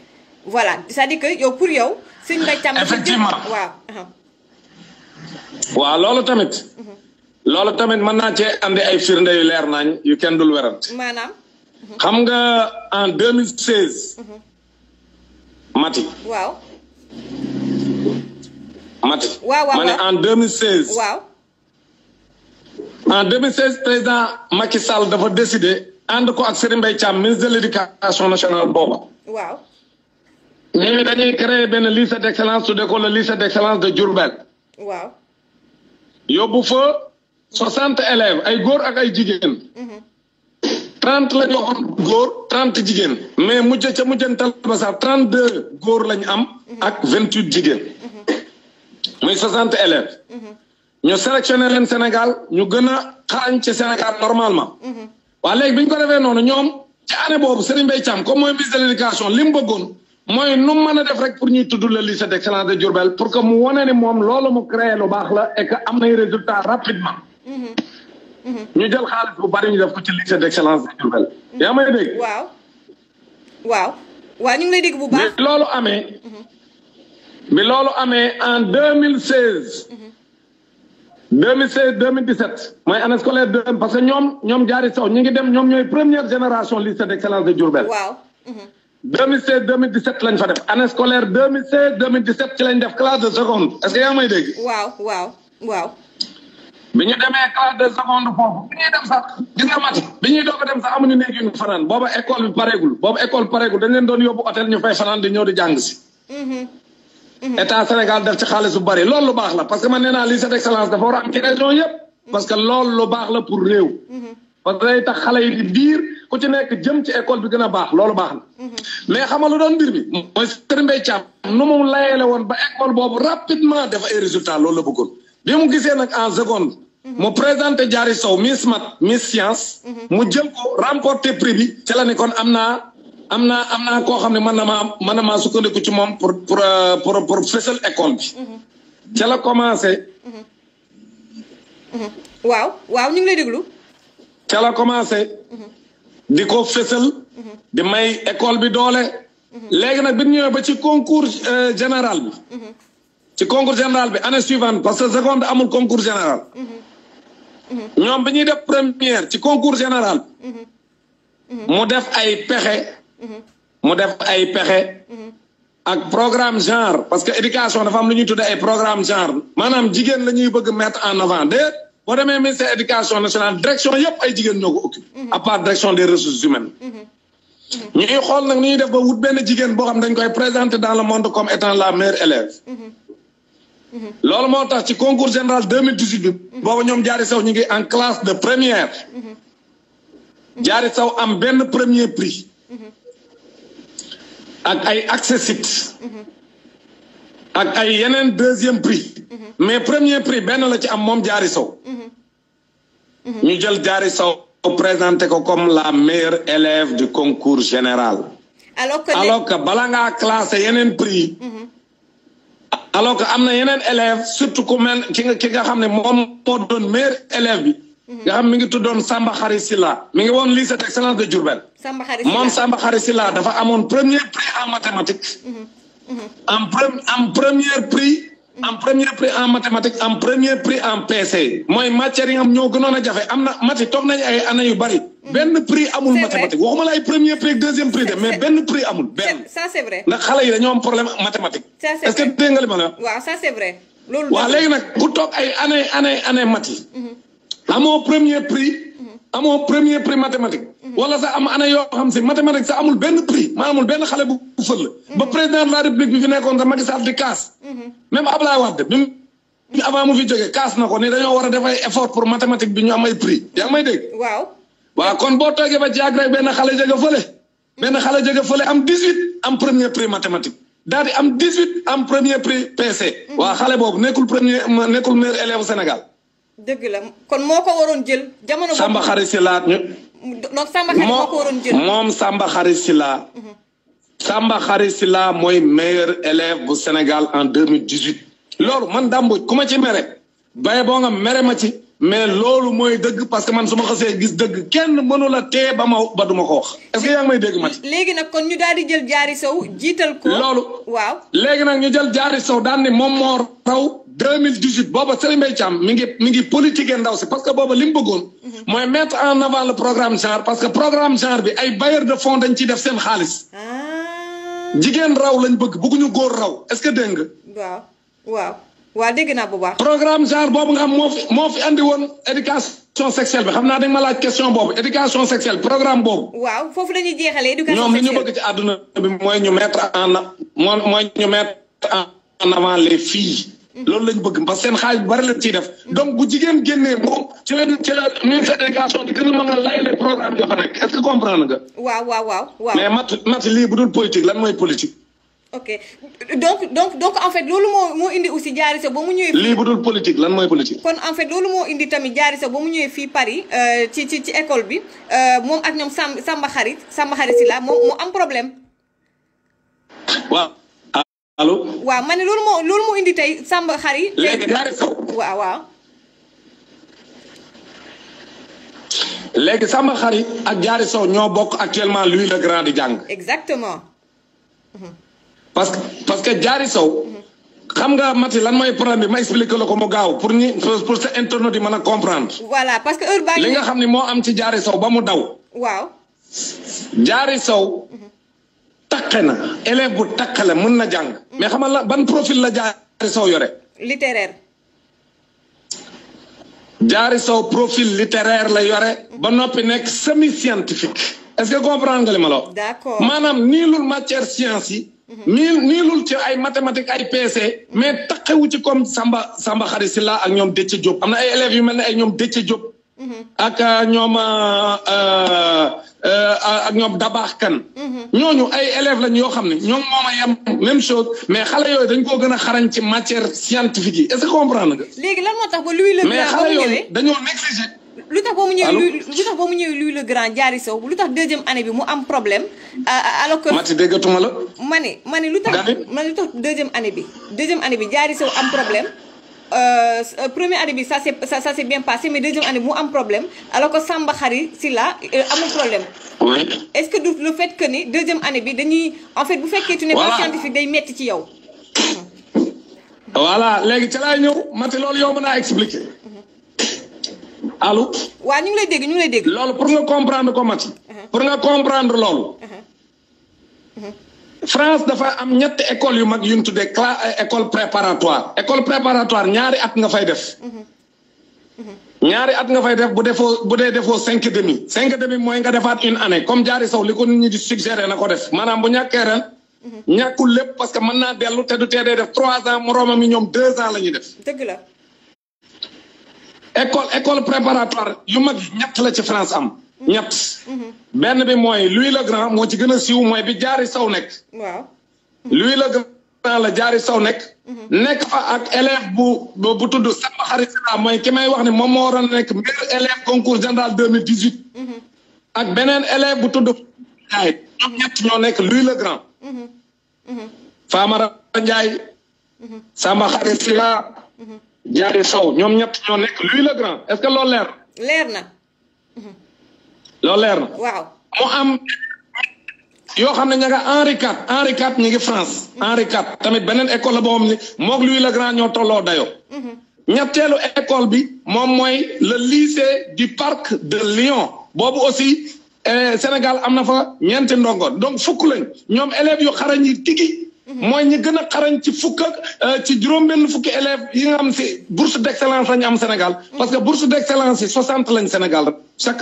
voilà cest di dire que yow pour yow sëñ Mbaye Thiam effectivement waaw uh-huh. waaw loolu tamit mhm. loolu tamit mën naa am andi ay firnde yu leer nañ yu kenn dul werante maanaam xam nga en 2016 Mati. waaw. Mati. waaw waaw ma ne en 2016. waaw. en 2016 président Macky Sall dafa décidé ànd ko ak Serigne Mbaye Thiam ministre de l' éducation nationale booba. waaw. ñooñu dañuy créer benn lycée d' excellence tuddee ko le lycée d' excellence de Diourbel. waaw. yóbbu fa soixante élèves ay góor ak ay jigéen. Mhm. trente la ñu góor trente jigéen mais mujj ca mujjantal ba sax trente deux góor la ñu am ak vingt huit jigéen muy soixante élèves ñu sélectionné leen Sénégal ñu gën a xarañ ci Sénégal normalement waa léegi bi ñu ko defee noonu ñoom ci année boobu Serigne Mbaye Thiam comme mooy ministre de l'éducation li mu bëggoon mooy nu mu mën a def rek pour ñuy tudd le lycée d'excellence de Diourbel pour que mu wane ni moom loolu mu créé lu baax la et que am nay résultat rapidement ñu jël xaalis bu bari ñu def ko ci lycée d'excellence de Diourbel. yaa may dégg. waaw waaw waaw ñu ngi lay dégg bu baax. loolu amee. bi loolu amee en deux mille seize. deux mille seize deux mille dix sept. mooy année scolaire deux parce que ñoom ñoom jaari saw ñu ngi dem ñoom ñooy première génération lycée d'excellence de Diourbel. waaw. lañ fa def année scolaire 2016 2017 ci lañ def classe de seconde est-ce que yaa may dégg. waaw waaw waaw. bi ñu demee classe de seconde foofu bi ñuy dem sax gis nga match bi ñuy doog dem sax amuñu néeg yu ñu fanaan booba école bi pareegul booba école pareegul dañ leen doon yóbbu hôtel ñu fay de di di jàng si. Mm-hmm. Mm-hmm. état Sénégal def ci xaalis bu bari loolu lu baax la parce que man nee naa lii cette excellence dafa war a am ci région yëpp. parce que loolu baax la pour réew. Mm-hmm. parce que tax xale yi di ku ci nekk jëm ci école bi gën a baax loolu baax na. mais xam nga doon mbir mi. mooy Serigne Mbaye Thiam nu mu layeele woon ba école résultat loolu la bëggoon. bi mu gisee nag en seconde. mu présenté Jaari Sow Miss Mat Miss Science. mu jël ko remporté prix bi. ci la ne kon am naa am na am naa koo xam ne mën na am mën na maa sukkandiku ci moom pour pour euh, pour pour fësal école bi. ca la commencé. waaw waaw ñu ngi lay déglu. ca la commencé. di ko fësal. di may école bi doole. léegi nag bi ñu ba ci concours euh, général bi. ci concours général bi année suivante parce que seconde amul concours général. ñoom bi ñuy def première ci concours général. mu def ay pexe. mu def ay pexe. ak programme genre parce que éducation dafa am lu ñuy tuddee ay programme genre maanaam jigéen la ñuy bëgg mettre en avant de boo demee ministère éducation nationale direction yëpp ay jigéen ñoo ko occupé. à part direction des ressources humaines. ñuy xool nag nu ñuy def ba wut benn jigéen boo xam dañ koy présenter dans le monde comme la meilleure loolu moo tax ci concours général 2018 bi. boobu ñom en classe de première. jaari a am premier prix. ak ay accessit. ak ay un deuxième prix. mais premier prix benn la ci am mom jaari saw. ñu présenté comme la meilleure élève du concours général. alors que que classe classé un prix. alors que am na yeneen élève surtout ku mel ki nga ki nga xam ne moom moo doon meilleur élève bi mhm. nga xam mi ngi tuddoon Samba Xari Silla mi ngi woon lycée d'excellence de Diourbel moom Samba Xari Silla dafa amoon premier prix en mathématiques am mhm. mhm. premier premier prix am premier prix en mathématiques am premier prix en PC. mooy matière am ñoo gënoon a jafe am na mati toog nañu ay année yu bari. Mm. benn prix amul mathématique waxuma la ay premier prix deuxième prix de mais benn prix amul. benn ça c'est vrai. ndax xale yi dañoo am problème mathématique. ça c'est vrai est-ce que dégg nga li ma la wax. waaw ça c'est vrai. loolu waaw léegi nag ku toog ay année mati. Mm-hmm. amoo premier prix. amoo premier prix mathématique. Mhm. wala sax am année yoo xam si mathématique sax amul benn prix maa benn xale bu fël ba mhm. président de la république bi fi nekkoon sax Macky di kaas. Mhm. même Ablaye Wade bi mu avant mu fi jógee kaas na ko ni dañoo war a def ay effort pour mathématique bi ñu am prix yaa ngi may dégg. waaw waaw kon boo toogee ba ci yàgg benn xale jóge fële. benn xale jóge fële am 18 am premier prix mathématique daal am 18 am premier prix PC. boobu nekkul premier nekkul meilleur élève Sénégal. dëgg la kon moo ko waroon jël jamono. Samba Xari Sila ñu. moo ko waroon jël moom Samba Xari Sila. Mhm. Samba mooy meilleur élève bu Sénégal en deux mille dix huit. loolu man Damboj ku ma ci mere. baye boo nga mere ma ci. mais loolu mooy dëgg parce que man su ma xasee gis dëgg kenn mënu la tee ba ma ba du ma ko wax. est yaa ngi may dégg Mati. léegi nag kon ñu daal di jël jaari sow jiital ko. loolu waaw léegi nag ñu jël jaari sow daan ni moom moo raw. 2018 booba Serigne Mbaye Thiam mi ngi mi ngi politique ndaw si parce que booba li mu bëggoon. mooy mettre en avant le programme genre parce que programme genre bi ay bailleurs de fonds dañ ciy def seen xaalis. Ah. jigéen raw lañ bëgg bëgguñu góor raw est-ce que dégg nga. waaw waaw waaw dégg naa bu baax. programme genre boobu nga xam moo fi moo fi andi woon éducation sexuelle bi xam naa dañ ma laaj question boobu éducation sexuelle programme boobu. waaw foofu la ñuy jeexalee éducation sexuelle ñoom li ñu bëgg ci loolu lañ bëgg parce que seen xaalis bu bari lañ ciy def. donc bu jigéen génnee moom ci la ci la ministère de l'éducation di gën a mën a layalee programme yoo xam ne est-ce que nga. waaw waaw waaw. mais mat mat lii bu dul politique lan mooy politique. ok donc donc donc en fait loolu moo moo indi aussi jaari sa ba mu ñëwee. lii bu dul politique lan mooy politique. kon en fait loolu moo indi tamit jaari sa ba mu ñëwee fii Paris euh, ci ci ci école bi euh, moom ak ñoom Samba Samba xarit Samba xarit si la moom am problème. allo waaw man loolu moo loolu moo indi tey Samba hari léegi Naar Sow waaw waaw. léegi Samba Khary ak Diary Sow ñoo bokk actuellement lui le grand di jàng. exactement. Mhm. parce que parce que Sow. Mhm. xam nga Mati lan mooy problème bi ma expliqué la ko mu gaaw pour ñi pour sa internaute yi mën a comprendre. voilà parce que heure baa li am ci Sow ba mu daw. waaw. Sow. Mhm. Takena, élève bu takk mën na jang mais xamal ban profil la jaar so yore littéraire jaar so profil littéraire la yore ba nopi nek semi scientifique est-ce que comprendre nga li ma d'accord manam ni lul matière science ni ni lul ci ay mathématiques ay PC mais takkewu ci comme Samba Samba Xari Silla ak ñom déccé job amna ay élève yu melni ay ñom déccé job mhm. ak euh, euh Euh, ak ñoom dabaax kan. Mhm. ñooñu ay élèves lañ yoo xam ne ñoom moom a yem même chose mais xale yooyu dañ koo gën a xarañ ci matière scientifique yi est-ce comprendre léegi lan moo tax ba Louis le Grand. mais xale yooyu dañoo négligé. lu tax ba mu ñëwee lu tax ba ñëwee Louis le Grand jaari sow lu tax deuxième année bi mu am problème. alors que Mati déggatuma la. ma ne lu tax ma ne deuxième année bi deuxième année bi jaari sow am problème. Euh, euh, premier année ça s'est ça ça bien passé mais deuxième année avez un problème alors que Samba s'il a un problème. oui est-ce que le fait que deuxième année bi dañuy en fait bu que tu n'es pas scientifique day metti ci yow. voilà les ca la ñëw Mati loolu yow mën naa expliquer. ñu lay pour nous comprendre comment uh-huh. pour nous comprendre l'eau France dafa am ñetti école yu mag yu ñu de cla euh, école préparatoire école préparatoire ñaari at nga fay def. Mm-hmm. Mm-hmm. ñaari at nga fay def bu defoo bu dee defoo cinq demi. cinq demi mooy nga defaat une année comme jaari saw li ko nit ñi di na ko def maanaam bu ñàkkee ren. Mm-hmm. ñàkkul lépp parce que mën naa dellu te du tee dee def trois ans moroomam yi ñoom deux ans la ñuy def. dëgg la. école école préparatoire yu mag ñàkk la ci France am. ñett. benn bi mooy Louis le Grand moo ci gën a siiw mooy bi jaari saw nekk. waaw Louis le Grand la jaari saw nekk. nekk fa ak élève bu bu tudd Samba Xarit Sala mooy ki may wax ne moom moo waroon nekk meilleur élève concours général deux mille dix huit. ak beneen élève bu tudd ñett ñoo nekk lui le Grand. Famara Ndiaye. Samba Xarit Sala. jaari saw ñoom ñett ñoo nekk Louis le Grand est-ce que lool leer leer na. loolu leer na. waaw mu am yoo xam ne ña nga Henri IV Henri IV ñu ngi France. Mhm. Henri IV tamit beneen école la boo xam ne moog Louis le Grand ñoo tolloo dayoo. Mhm. ñetteelu école bi moom mooy le lycée du parc de Lyon boobu aussi eh, Sénégal am na fa ñeenti ndongo donc fukk lañ ñoom élèves yu xarañ yi tigi. Mhm. mooy ñi gën a xarañ ci fukk ak eh, ci juróom-benn fukki élèves yi nga xam si bourse d' excellence lañ am Sénégal. parce que bourse d' excellence yi soixante lañ Sénégal chaque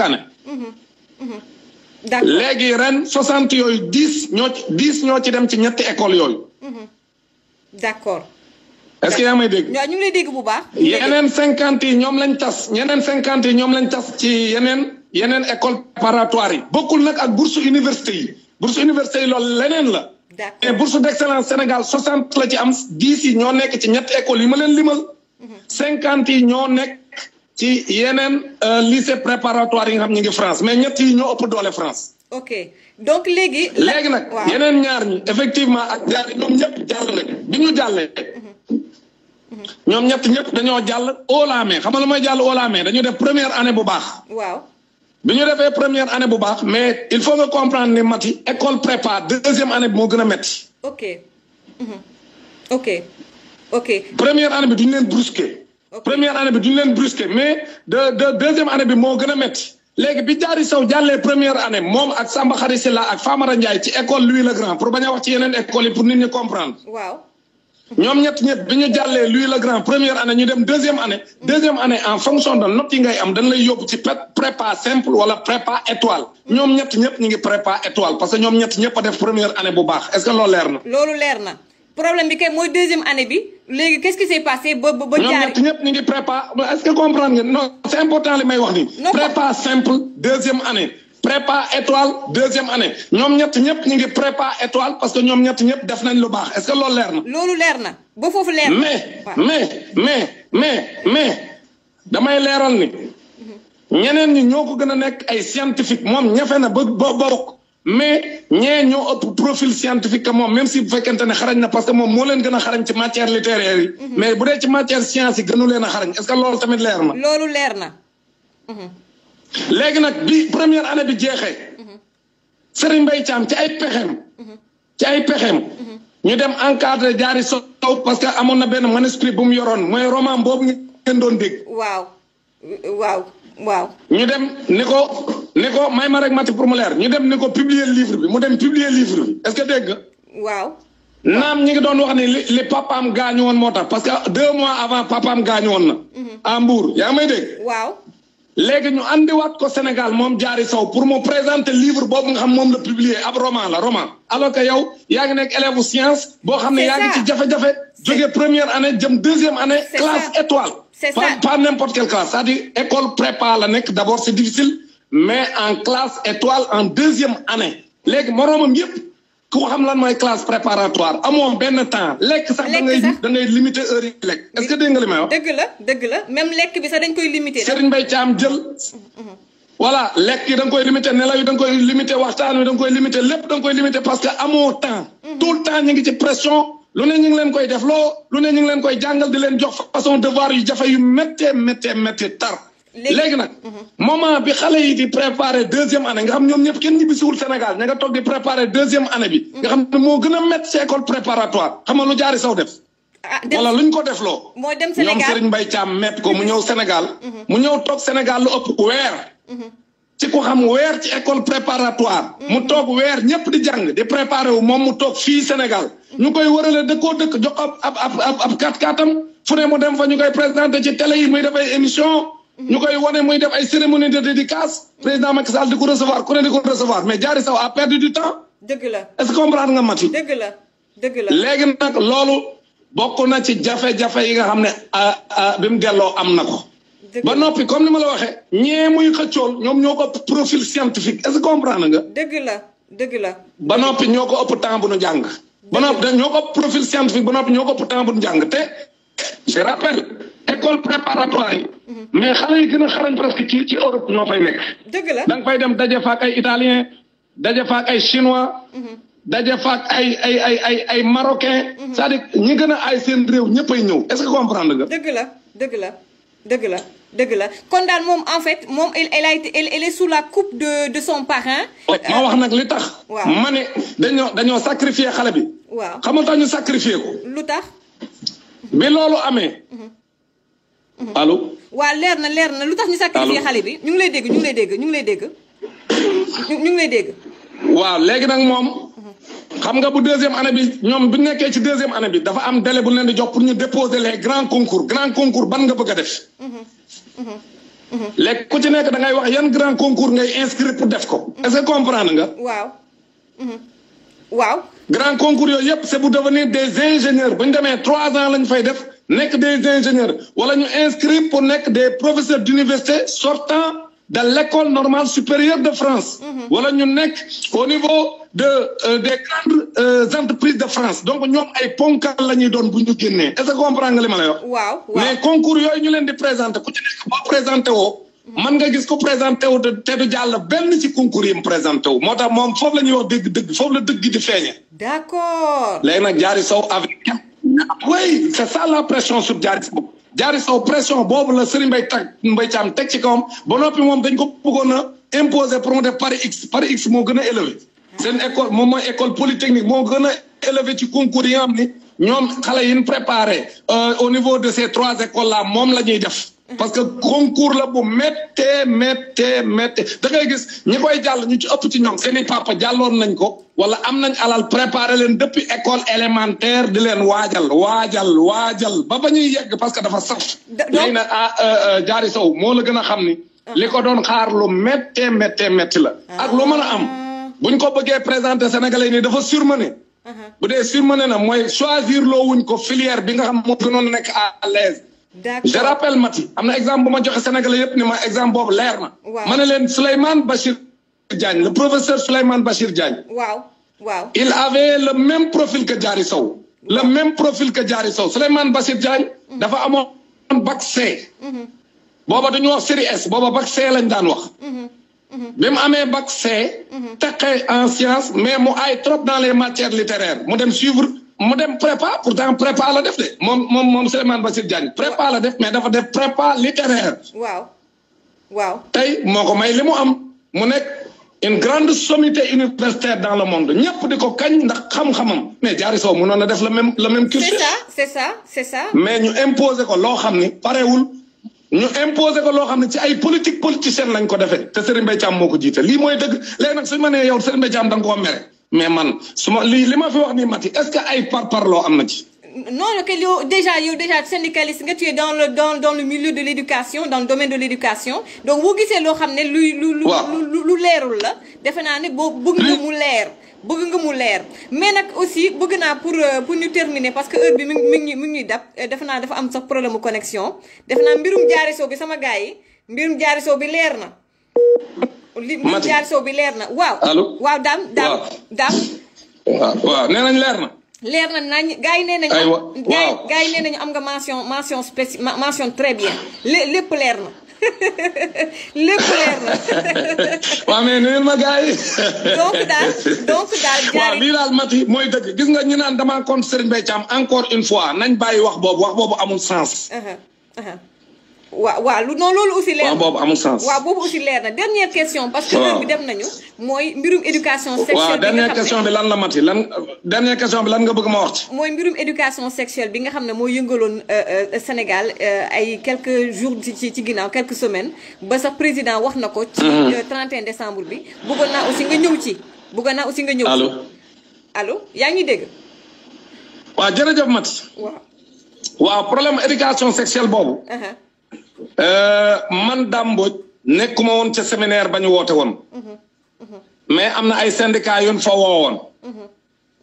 léegi ren soixante yooyu dix ñoo ci dix ñoo ci dem ci ñetti école yooyu. Mhm. d' accord. est ce que yaa may dégg. ñu ngi lay dégg bu baax. yeneen cinquante yi ñoom lañ tas yeneen cinquante ñoom lañ tas ci yeneen yeneen école préparatoire yi. bokkul nag ak bourse université yi bourse université yi lool leneen la. d' accord mais d' excellence Sénégal soixante la ci am dix yi ñoo nekk ci ñetti école yi ma leen limal. Mhm. cinquante yi ñoo nekk. ci yenen euh, lycée préparatoire yi nga xam ñu ngi France mais ñet yi ñoo ëpp doole France. ok donc légui légui nak yenen ñaar ñi effectivement ak jaar ñom ñëpp jàll nak bi ñu jàllee. ñoom ñett ñëpp dañoo jàll olamé xam nga lu may jàll olamé dañu def première année bu baax. waaw bi ñu defee première année bu baax mais il faut nga comprendre ni mati école prépa deuxième année mo gëna metti ok mhm. ok ok. première année bi duñu leen brusquer première année bi duñ leen brusqué mais de de deuxième année bi moo gën a métti. léegi bi jaari saw jàllee première année moom ak Samba Khary Sylla ak Famara Ndiaye ci école Louis le Grand pour bañ a wax ci yeneen école yi pour nit ñi comprendre. waaw. ñoom ñett ñett bi ñu jàllee Louis le Grand première année ñu dem deuxième année. deuxième année en fonction de notes yi ngay am dañ lay yóbbu ci prépa simple wala prépa étoile. ñoom ñett ñëpp ñu ngi prépa étoile parce que ñoom ñett ñëpp a def première année bu baax est-ce que loolu leer na. loolu leer na problème c'est que deuxième année qu'est-ce qui s'est passé est-ce que c'est important prépa simple deuxième année. prépa étoile deuxième année Nous avons prépa étoile parce que nous avons def nañ est-ce que vous mais mais mais mais mais damay ni mhm. ñeneen ñi ay mais ñee ñoo ëpp profil scientifique que moom même si bu fekkente ne xarañ na parce que moom moo leen gën a xarañ ci matière littéraire yi. Mhm. mais bu dee ci matière science yi gënu leen a xarañ est-ce que loolu tamit leer na. loolu leer na. Mhm. léegi nag bi première année bi jeexee. Mhm. Serigne Mbaye Thiam ci ay pexeem. ci ay pexeem. ñu dem encadré jaari sow parce que amoon na benn manuscrit bu mu yoroon mooy roman boobu ngeen doon dégg. waaw waaw. waaw ñu dem ni ko ni ko may ma rek mati pour mu leer ñu dem ni ko publier livre bi mu dem publier livre bi est-ce que dégg waaw naam ñi ngi doon wax ni li li papaam gaañu woon moo tax parce que deux mois avant papaam gaañu woon na. Mhm. à Mbour yaa may dégg. waaw. léegi ñu andiwaat ko Sénégal mom jaari pour me présenter livre boobu nga xam mom le publier ab roman la roman alors que yow yaa ngi élève science bo xamné ne ngi ci jafé jafé première année jëm deuxième année classe étoile pas pas n'importe quelle classe c'est-à-dire école prépa la nek. d'abord c'est difficile mais en classe étoile en deuxième année léegi moromam yépp ku xam lan mooy classe préparatoire amoo benn temps lekk sax da ngay da ngay limité heure yi lekk est-ce que dégg nga li dëgg la dëgg la même lekk bi sax dañ koy limité. Serigne Mbaye Thiam jël. voilà lekk yi da koy limité nelaw yi da koy limité waxtaan wi da koy limité lépp da nga koy limité parce que amoo temps. Mhm. tout temps ñu ngi ci pression lu ne ñu leen koy def loo lu ne ñu ngi leen koy jàngal di leen jox façon devoir yu jafe yu méttee méttee méttee tar. léegi nag mhm. moment bi xale yi di préparer deuxième année nga xam ñoom ñëpp kenn ñibbisiwul Sénégal ña nga toog di préparer deuxième année bi. nga xam ne moo gën a métti ci école préparatoire xam nga lu jaari saw def. Ah, wala luñ ko def loo. mooy dem Sénégal ñoom Serigne Mbaye Thiam métti ko mu mhm. ñëw Sénégal. Mhm. mu ñëw toog Sénégal lu ëpp weer. ci ko xam weer ci école préparatoire. mu toog weer ñëpp di jàng di préparer wu moom mu toog fii Sénégal. ñu koy wërale dëkkoo dëkk jox ab ab ab ab kat katam fu ne mu dem fa ñu koy présenté ci télé yi muy def émission. ñu koy wone muy def ay cérémonie de dédicace président Macky Sall di ko recevoir ku ne di ko recevoir mais Diary Sow a perdu du temps deug la est ce comprendre nga mati deug la deug la légui nak lolu bokku na ci jafé jafé yi nga xamné ah, ah, bimu dello am nako ba nopi comme ni ma la waxe ñe muy xëccol ñom ñoko profil scientifique est ce comprendre nga deug la deug la ba nopi ñoko upp temps bu nu jang ba nopi ñoko profil scientifique ba nopi ñoko upp temps bu nu jang té je rappelle école préparatoire yi. mais xale yi gën a xarañ presque ci ci Europe ñoo fay nekk. dëgg la da nga fay dem daje faak ay italien daje ay chinois. daje ay ay ay ay ay marocain. cest à ñi gën a ay seen réew ñëppay ñëw est-ce que comprendre nga. dëgg la dëgg la dëgg la. dëgg la kon daal moom en fait moom sous la coupe de de son parrain. Oh, ma euh, wax nag li tax. waaw ma dañoo dañoo xale bi. waaw xam nga tax ñu sacrifier ko. lu tax. bi loolu amee. Mhm. Mhm. allo. waa leer na leer na lu tax ñu sacrifié xale bi ñu ngi lay dégg ñu ngi lay dégg ñu ngi lay dégg ñu ngi dégg. waaw léegi nag moom. xam nga bu deuxième année bi ñoom bu nekkee ci deuxième année bi dafa am dele bu leen di jox pour ñu déposer les grands concours grand concours ban nga bëgg a def. Mhm, mhm, léegi ku ci nekk da ngay wax yan grand concours ngay inscrire pour def ko. est-ce que nga. waaw. waaw. grand concours yooyu yëpp c'est pour devenir des ingénieurs bu ñu demee trois ans lañ fay def. nek des ingénieurs wala ñu inscrire pour nek des professeurs d'université sortant de l'école normale supérieure de France. Mhm. wala ñu nek au niveau de euh, des grandes euh, entreprises de France donc ñom ay ponkal lañuy ñuy doon bu ñu génnee est-ce que comprendre nga li ma wax. waaw mais concours yoy ñu leen di présenter ku ci nekk boo présenter woo. Mhm. mën nga gis ko présenter wu te du jàll benn ci concours yi mu présenté wu moo tax moom foofu la ñuy wax dëgg dëgg foofu la dëgg di feeñe. d'accord. léegi nag jaari saw avec. oui c'est ça la pression sur Diary Sow Diary Sow pression boobu la Serigne Mbaye tag Mbaye Thiam teg ci kawam ba noppi moom dañ ko bëggoon a imposer pour mu def Paris X Paris moo gën a élevé seen école moom mooy école polytechnique moo gën a élevé ci concours yi nga ni ñoom xale yi ñu préparé euh, au niveau de ces trois écoles là moom la ñuy def parce que concours la bu méttee méttee méttee da ngay gis ñi koy jàll ñu ci ëpp ci ñoom seeni papa jàlloon nañ ko wala am nañ alal préparé leen depuis école élémentaire di leen waajal waajal waajal ba ba ñuy yegg parce que dafa saf lay na ah jaari euh, euh, sow moo la gën a xam ni li ko doon xaar lu méttee méttee métti la ak lu mën a am buñ ko bëggee présenté sénégalais ni dafa surmené uh-huh. bu dee surmené na mooy choisir loo wuñ ko filière bi nga xam moo noonu nekk à l'aise je rappelle Mati am na exemple joxe Sénégalais exemple le professeur Suleiman Bachir Diagne. waaw il avait le même profil que Diari le même profil que Jariso. Sow Souleymane Bachir Diagne. Mm-hmm. dafa un bac C. Mm-hmm. booba dañu wax série S bac C lañ daan wax. Mm-hmm. bac C. en sciences mais mu ay trop dans les matières littéraires mu dem suivre. mu dem prépa pourtant prépa la def de moom moom moom Souleymane Bassir Diagne prépa la def mais dafa def prépa littéraire. waaw waaw. tey moo ko may li mu am mu nekk une grande sommité universitaire dans le monde ñëpp di ko kañ ndax xam-xamam mais Diary Sow mënoon a def la même le même cursus. c'est ça c'est ça mais ñu imposer ko loo xam ni parewul ñu imposer ko loo xam ne ci ay politique politicienne lañ ko defee te Serigne Mbaye Thiam moo ko jiite lii mooy dëgg léegi nag suñu ma yow Serigne Mbaye Thiam da nga koo mais man suma ma li ma fi est-ce que ay par non déjà yo déjà syndicaliste tu es dans le dans dans le milieu de l'éducation dans le domaine de l'éducation donc vous lu lu lu lu la. mais aussi pour euh, pour terminer parce que heure bi connexion. li li jaar bi leer na waaw. allo waaw daam daam daam. waaw leer na. leer na nañ gars yi nee am nga mention mention spéci mention très lépp leer na. lépp leer na. waaw mais nuyul ma gars yi. donc daal donc daal. jaaree waaw daal mooy dëgg gis nga ñu naan damaa contre Serigne Mbaye Thiam encore une fois nañ bàyyi wax boobu wax boobu amul sens. Uh-huh, uh-huh. waaw waaw lu noonu loolu aussi leer boobu amul sens waaw boobu aussi leer dernière question parce que heure bi dem nañu mooy mbirum éducation sexuelle waaw dernière question bi lan la mati lan dernière question bi lan nga bëgg ma wax ci mbirum éducation sexuelle bi nga xam ne moo yëngaloon euh, euh, Sénégal euh, ay quelques jours ci ci ginnaaw quelques semaines ba sax président wax n'ako. ko ci 31 mhm. décembre bi bëggoon na aussi nga ñëw ci bëggoon naa aussi nga ñëw allo allo yaa ngi dégg waaw jërëjëf Mati waaw waaw problème éducation sexuelle boobu uh-huh. Euh, man Dame Mbodj nekkuma woon ca séminaire ba ñu woote woon mais am na ay syndicat yuñ fa woowoon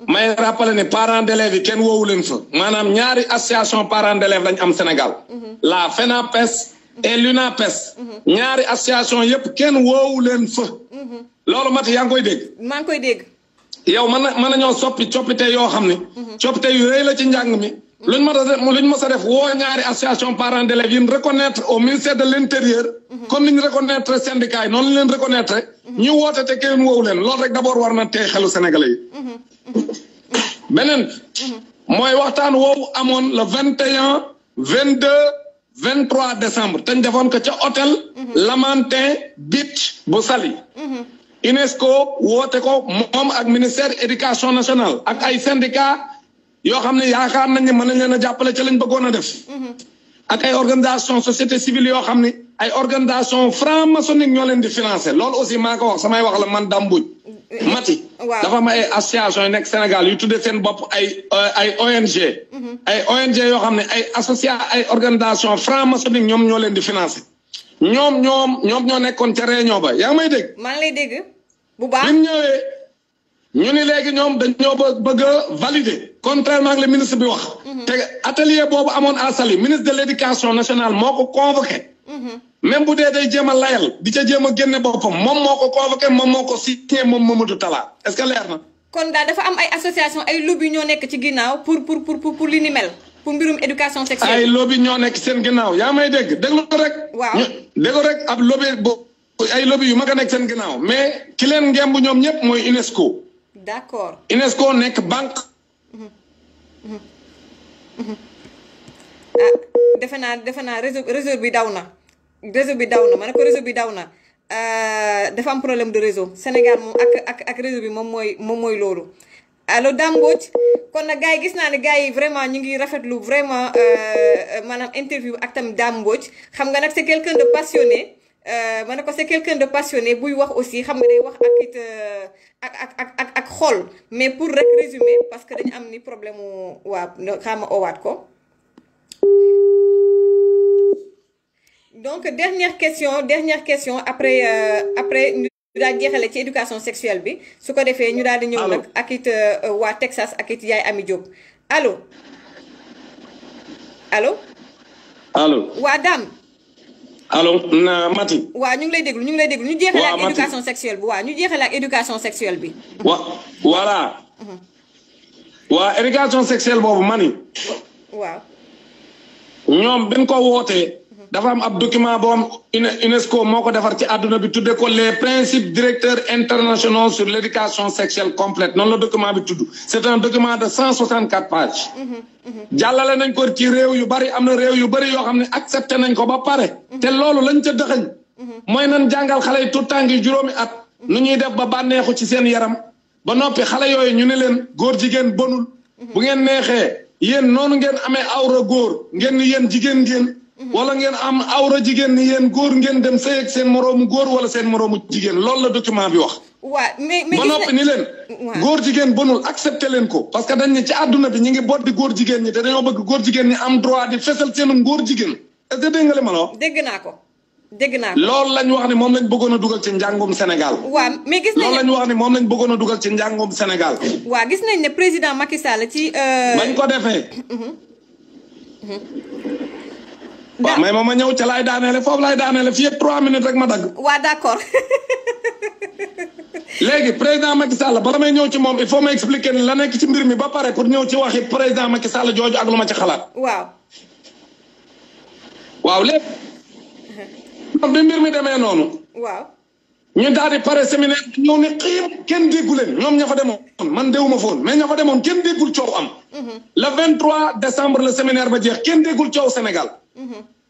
may rappelé ne parents d'élèves yi kenn woowu leen fa ñaari association parents d'élèves lañ am Sénégal la FENAPES et l'UNAPES ñaari association yépp kenn woowu leen fa loolu mat yaa ngi koy dégg maa ngi koy dégg yow man na mën nañoo soppi coppite yoo xam ne mhm. coppite yu rëy la ci njàng mi luñ ma sa def luñ ma sa def woo ñaari association parents d'élèves yi reconnaître au ministère de l' intérieur. Mhm. comme ni ñu reconnaître syndicat yi noonu ñu leen reconnaître. Mhm. ñu woote te kenn woowu leen loolu rek d' abord war na tey xelu Sénégalais yi. Mhm. beneen. mooy waxtaan woowu amoon le vingt et un vingt deux vingt trois décembre te defoon ko ca hôtel. Lamantin bit bu sali UNESCO woote ko moom ak ministère éducation nationale ak ay syndicats. yoo xam ne yaakaar nañ ne mën nañ leen a jàppale ca lañ bëggoon a def. ak ay organisation société civile yoo xam ne ay organisation franc maçonnique ñoo leen di financer loolu aussi maa ko wax samay wax la man Dame Mbodj Mati dafa am ay association yu nekk Sénégal yu tuddee seen bopp ay euh, ay ONG mhm. ay ONG yoo xam ne ay association ay organisation franc ñoom ñoo leen di financer ñoom ñoom ñoom ñoo nekkoon ca réunion ba yaa may dégg maa ngi lay bu baax bi mu ñëwee ñu ni léegi ñoom dañoo bëgg a valider contrairement ak le ministre bi wax. Mhm. te atelier boobu amoon à Saly ministre de l' nationale moo ko convoqué. Mhm. même bu dee day jéem a layal di ca jéem a génne boppam moom moo ko convoqué moom moo ko signé moom Mamadou Talla est ce que leer na. kon daal dafa am ay association ñoo nekk ci ginnaaw pour pour pour pour li ni mel pour mbirum seen ginnaaw yaa may dégg déglu rek. waaw ñu déglu rek ab lobby boobu ay lobby yu mag a nekk seen ginnaaw mais ki leen ngemb ñoom ñëpp mooy UNESCO. d' accord UNESCO nekk banque. ah defe naa defe naa réseau réseau bi daw na réseau bi daw na ma ne ko réseau bi daw na ah, dafa am problème de réseau Sénégal moom ak ak ak réseau bi moom mooy moom mooy loolu allo Dame Mbodj kon nag gars yi gis naa ne gars yi vraiment ñu ngi rafetlu vraiment ah, maanaam interview ak tamit Dame Mbodj xam nga nag c'est quelqu'un de passionné ah, ma ne ko c'est quelqu'un de passionné buy wax aussi xam nga day wax ak it ak mais pour résumer parce que problème donc dernière question dernière question après euh, après éducation sexuelle bi su ko defee ñu di ñëw ak euh, Texas ak it Ami Diop allo Allô, allo waa Dame allo na Mati. Wa ñu ngi lay déglu ñu ngi lay déglu ñu jeexale ak éducation sexuelle bi Wa ñu jeexale ak éducation sexuelle bi. wa voilà. Mhm. Wa éducation sexuelle bobu mani. Wa. Ñom bi ko woté dafa am ab document boo am UNESCO moo ko defar ci àdduna bi tudde ko les principes directeurs internationaux sur l' éducation sexuelle complète noonu la document bi tudd c' est un document de cent soixante quatre pages jàllale nañ ko ci réew yu bari am na réew yu bari yoo xam ne accepté nañ ko ba pare te loolu lañ ca dëxañ mooy nan jàngal xale yi tout tànk juróomi at nu ñuy def ba bànneexu ci seen yaram ba noppi xale yooyu ñu ne leen góor jigéen bonul bu ngeen neexee yéen noonu ngeen amee awra góor ngeen ni yéen jigéen ngeen Mm-hmm. wala ngeen am awra jigéen ni yéen góor ngeen dem sëy ak seen moroomu góor wala seen moroomu jigéen loolu la document bi wax. waaw mais mais ba noppi ni leen. góor jigéen bonul accepté leen ko. parce que dañ ne ci àdduna bi ñu ngi boot di góor jigéen ñi te bëgg góor jigéen ñi am droit di góor jigéen. est-ce nga li ma la dégg naa ko dégg naa ko. loolu lañ wax ne moom lañ bëggoon dugal ci njàngum Sénégal. waaw mais gis nañ loolu wax ne moom lañ bëggoon dugal ci njàngum Sénégal. waaw gis nañ ne président Macky Sall ci. Euh, bañ ko defee. Mm-hmm. Mm-hmm. waaw may ma a ñëw ca laay daaneele foofu laay daaneele fii ak trois minutes rek ma dagg. waaw d'accord. léegi président Macky Sall bala may ñëw ci moom il faut ma expliquer ni la nekk ci mbir mi ba pare pour ñëw ci waxi président Macky Sall jooju ak lu ma ci xalaat. waaw. waaw léegi. donc bi mbir mi noonu. waaw. ñu daal di pare séminaire bi ñëw ne kenn déggu leen ñoom ña fa demoon man déwuma foon mais ña fa demoon kenn déggul coow am. Mhm. le 23 décembre le séminaire ba jeex kenn déggul coow Sénégal.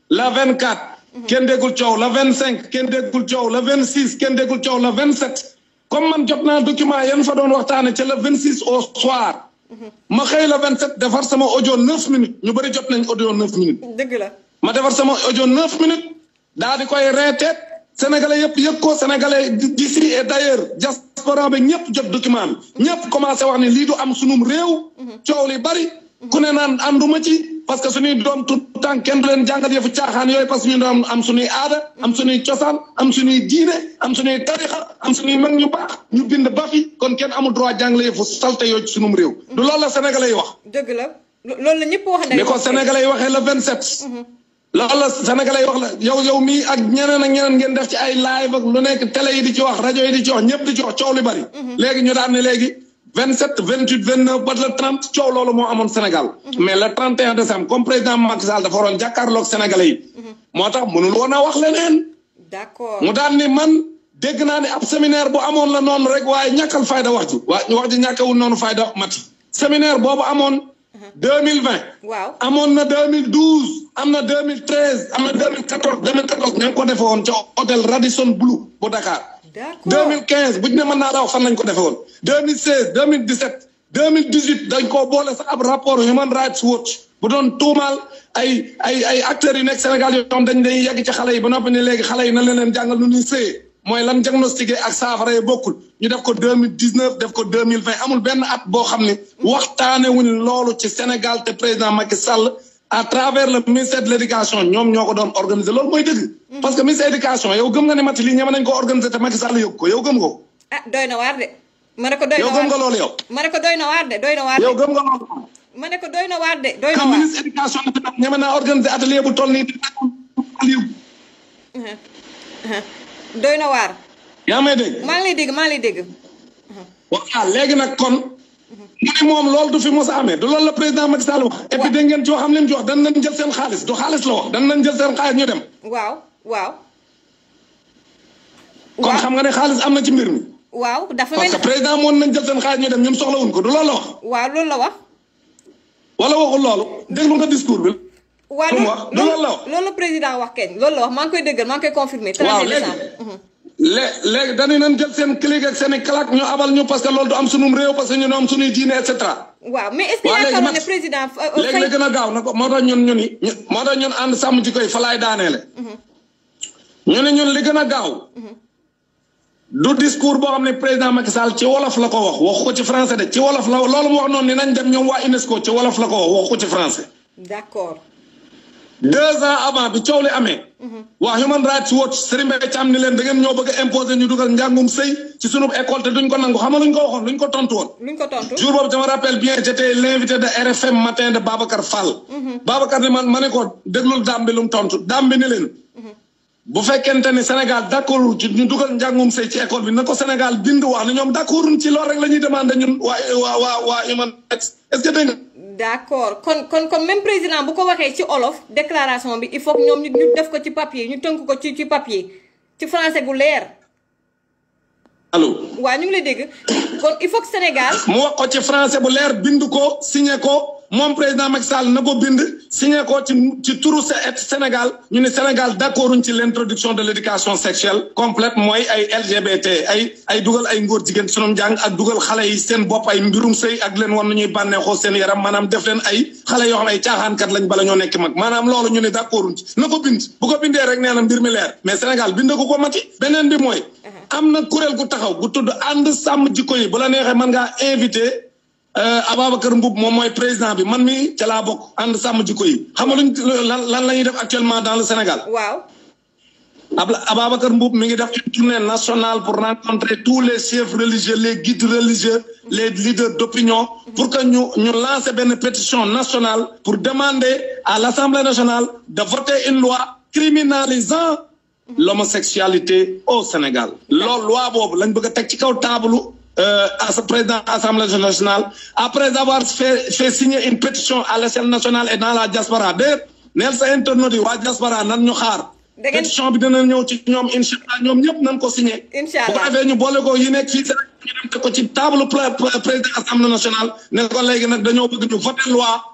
la vingt quatre kenn déggul coow la vingt cinq kenn déggul coow la vingt six kenn déggul coow la vingt sept comme man jot naa document yan fa doon waxtaane ca la vingt six au soir ma xëy la vingt sept defar sama audio neuf minutes ñu bëri jot nañ audio neuf minutes dëgg la ma defar sama audio neuf minutes daa di koy reeteet sénégalais yëpp yëg ko sénégalais d'ici et d'ailleurs diaspora bi ñëpp jot document bi ñëpp commencé wax ne lii du am sunum réew mhm. coow li bari ku ne naan ànduma ci parce que suñuy doom tout temps kenn du leen jàngat yëfu caaxaan yooyu parce que ñu doom am suñuy aada am suñuy cosaan am suñuy diine am suñuy tarixa am suñuy mag ñu baax ñu bind ba fi kon kenn amul droit jàngale yëfu salte yooyu ci sunum réew du loolu la sénégalais yi wax dëgg la loolu la ñëpp wax ni ko sénégalais yi waxee le vingt sept mm-hmm. yow yow mii ak ñeneen a ñeneen ngeen def ci ay live ak lu nekk télé yi di ci wax rajo yi di ci wax ñëpp di ci wax coow bari mm-hmm. léegi ñu daan léegi 27 28 29 ba le 30 coow loolu moo amoon Sénégal. mais le 31 décembre comme président Macky Sall dafa waroon jàkkaarloog sénégalais yi. moo tax mënul woon a wax leneen. d'accord mu daal ni man dégg naa ne ab séminaire bu amoon la noonu rek waaye ñàkkal fayda wax ji. waa wax ji ñàkkawul noonu fayda mati. séminaire boobu amoon. 2020. waaw amoon na 2012. am na 2013 am na 2014 2014 ña ngi ko defee woon ca hôtel Radisson Blu bu Dakar. deux mille quinze bu ñu ne naa raw fan lañ ko defe woon deux mille seize deux mille dix sept deux mille dix huit dañ koo boole sa ab rapport Human Rights Watch bu doon tuumaal ay ay ay acteurs yu nekk Sénégal yoo xam dañ dañuy yegg ci xale yi ba noppi ne léegi xale yi na leen leen jàngal nu ñuy sëyee mooy lan diagnostiqué ak saafara yi bokkul ñu def ko deux mille dix neuf def ko deux mille vingt amul benn at boo xam ne waxtaane wuñ loolu ci Sénégal te président Macky Sall à travers le ministère de l' ñoom ñoo ko doon organiser loolu mooy dëgg. Mm-hmm. parce que ministère éducation yow gëm nga ne Maty lii ñeme nañu ko organiser te Macky Sall yëg ko yow gëm ko. ah doy na waar de. ma ko doy na waar yow ma ne ko doy na waar de doy na waar de. yow gëm nga loolu. ma ne ko doy na waar de doy na waar ministre éducation bi nag ñeme naa organiser atelier bu toll nii. Uh-huh. Uh-huh. doy na waar. yaa may dégg. maa ngi lay dégg maa ngi lay dégg. waaw uh-huh. nag kon. mu ne moom loolu du fi mos a amee du lool la président Macky Sall wax. et puis da ngeen ci wax xam leen ci wax dan nañ jël seen xaalis du xaalis la wax dan nañ jël seen xaalis ñu dem. waaw waaw. kon xam nga ne xaalis am na ci mbir mi. waaw dafa mel président moon nañ jël seen xaalis ñu dem ñun wuñ ko du loolu la wax. waaw loolu la wax. wala waxul loolu déglu nga discours bi. waaw loolu loolu la wax. loolu président wax kenn loolu la wax maa ngi koy déggal maa ngi koy confirmer. waaw léegi mhm. léegi dañu leen jël seen clique ak seen i claque ñu abal ñu parce que loolu du am sunum réew parce que ñu am sunuy diine et cetera. waaw mais est euh, euh, léegi la gën a gaaw na ko moo tax ñun ñun yi moo tax ñun ànd sàmm ji koy fa laay daaneele. Mhm. ñu ne ñun li gën a gaaw. Mhm. du discours boo xam ne président Macky Sall ci wolof la ko wax wax ko ci français de ci wolof la loolu mu wax noonu ni nañ dem ñoom waa UNESCO ci wolof la ko wax wax ko ci français. d'accord. deux ans avant bi coow li amee. waa Human Rights Watch Serigne Mbaye Thiam ni leen da ñoo bëgg a imposer ñu dugal njàngum sëy ci sunu école te duñ ko nangu xam nga luñ ko waxoon luñ ko tontu woon. luñ ko tontu jour boobu dama rappelle bien j' étais l' invité de RFM matin de Babacar Fall. Mhm. Babacar ni man ne ko déglul daam ni leen. Mhm. bu fekkente ni Sénégal d' accord ci ñu dugal njàngum sëy ci école bi na ko Sénégal bind wax ne ñoom d' accord ci loolu rek la ñuy demandé ñun waa waa waa Human Rights est d'accord kon kon kon même président bu ko waxee ci olof déclaration bi il faut ñoom ñu ñu def ko ci papier ñu tënk ko ci ci papier ci français gu leer. allo waa ñu ngi lay dégg kon il faut Sénégal. mu wax ko ci français bu leer bind ko signé ko. moom président Macky Sall na ko bind signé ko ci ci turu Sénégal ñu ne Sénégal d'accorduñ ci l'introduction de l'éducation sexuelle complète mooy ay LGBT ay ay dugal ay ngóor jigéen sunum jàng ak dugal xale yi seen bopp ay mbirum sëy ak leen wan nañuy bànneexoo seen yaram maanaam def leen ay xale yoo xam ne ay caaxaankat lañ bala ñoo nekk mag maanaam loolu ñu ne d'accorduñ ci na ko bind bu ko bindee rek nee na mbir mi leer mais Sénégal bind ko ko mati beneen bi mooy uh-huh. am na kuréel gu taxaw gu tudd ànd sàmm jikko yi bu la neexee mën ngaa invité Euh, Abba Mboup mom moy président bi man mi ci la bok and sam jiko yi xam nga lan lan def actuellement dans le Sénégal. waaw. Ababakar Mboub, mi ngi def une tournée nationale pour rencontrer tous les chefs religieux les guides religieux les leaders d'opinion pour que ñu ñu lancer pétition nationale pour demander à l'Assemblée nationale de voter une loi criminalisant l'homosexualité au Sénégal. La loi bobu lañ bëgg a ci kaw euh, président de l'Assemblée nationale, après avoir fait, fait, signer une pétition à l'échelle nationale et dans la diaspora. D'ailleurs, Nelson Interno dit, la diaspora, nous avons pétition bi dina ñëw ci ñoom incha allah ñoom ñëpp ko signé. incha allah bu ko defee ñu boole ko yi nekk fii Sénégal ñu dem ko ci table président assemblée nationale ne ko léegi nag bëgg ñu voter loi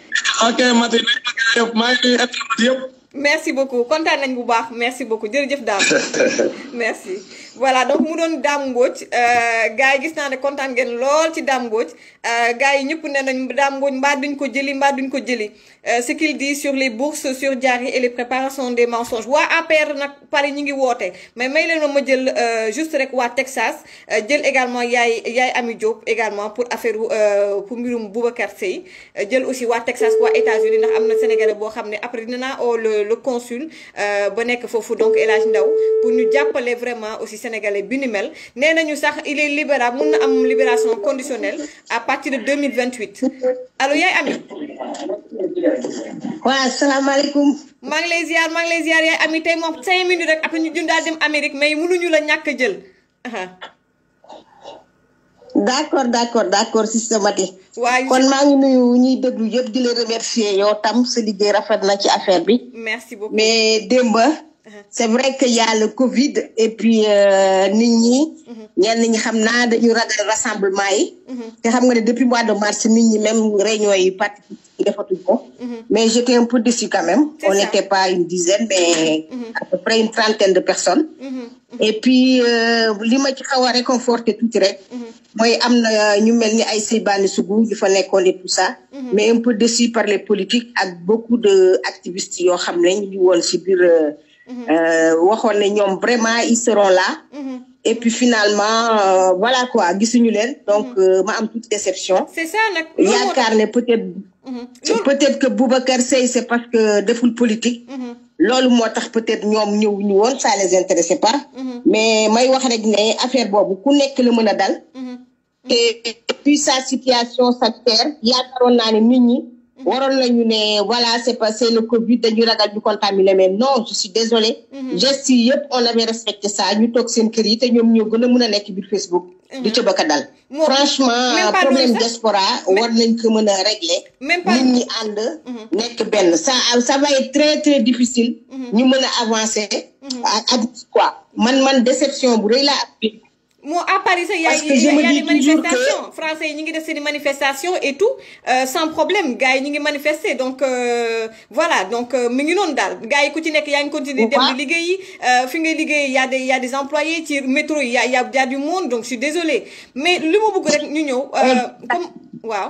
ok Mati maa ngi nuyu yëpp. merci beaucoup kontaan nañ bu baax merci beaucoup jërëjëf daal merci. voilà donc mu doon Dame Mbodj euh, gars yi gis na ne kontaan ngeen lool ci Dame Mbodj euh, gars yi ñëpp nee nañ Dame Mbodj mbaa duñ ko jëli mba duñ ko jëli euh, ce qu'il dit sur les bourses sur jari et les préparations des mensonges waa APR nak Paris ñi ngi woté mais may leen ma jël euh juste rek wa Texas jël également yaay yaay Ami Diop également pour affaire pour mbirum Boubacar Seye jël aussi wa Texas wa États-Unis ndax amna Sénégalais bo xamné après dina naa le le consul ba nek fofu donc El Hadj Ndaw pour ñu jappalé vraiment aussi sénégalais binimel. mel il est libérable mun na am libération conditionnelle à partir de 2028 allo yaay Ami. Oui, salam alaikum. ngi lay ziar lay ziar Ami tey 5 minutes rek après ñu jundaa dem Amérique mais mënuñu ne l'avons pas jël. D'accord, d'accord, d'accord, systématique. Oui, kon maa ngi nuyu ñuy déglu di remercier yow tam sa liggéey rafet ci affaire merci beaucoup mais Demba c'est vrai que y a le Covid et puis euh, nit ñi. ñenn ñi xamna naa dañu ragal rassemblement yi. té xam nga depuis mois de mars nit ñi même réunion yi parti defatu ko. mais j'étais un peu déçu quand même. on n'était pas une dizaine mais. à peu près une trentaine de personnes. et puis euh, li ma ci xawa réconforter tout tuuti rek. mooy am ñu melni ay Seybani sugu fa tout ça. mais un peu déçu par les politiques ak beaucoup de activistes yo xam ne ñu ngi woon euh, euh, ne ñoom vraiment ils seront là. Mhm. et puis finalement euh, voilà quoi gisuñu là donc mhm. euh, ma am toute déception. c'est ça nag yaakaar peut-être. Mhm. peut-être que Boubacar Seye c'est parce que deful politique. loolu moo tax peut-être ñew ñu won ça les intéressait pas. mais may wax rek né affaire bobu ku nekk le mën a dal. et puis sa situation sa terre naa a nit ñi. Mhm. waroon nañu né voilà c'est passé le Covid dañu ragal ñu contaminé mais non je suis désolée. Mhm. gestes yi on avait respecté ça ñu tok seen kër yi té ñom ñoo gëna mëna nek biir Facebook. Mhm. di ci bëgg dal. franchement problème diaspora war nañ ko mëna régler. même pas nit ñi and nek ben ça ça va être très très difficile. ñu mëna a avancer. à quoi man man déception bu rëy laa moi à Paris il y a y a des manifestations français ils ont ngi def manifestations et tout euh, sans problème gars ils ont ngi manifester donc euh, voilà donc euh, mi ngi non dal gars yi ku ci a une continuité de dem di liggéeyi fi y a des y a des employés tir métro il y a il y a du monde donc je suis désolée mais le mot bëgg rek ñu ñëw comme waaw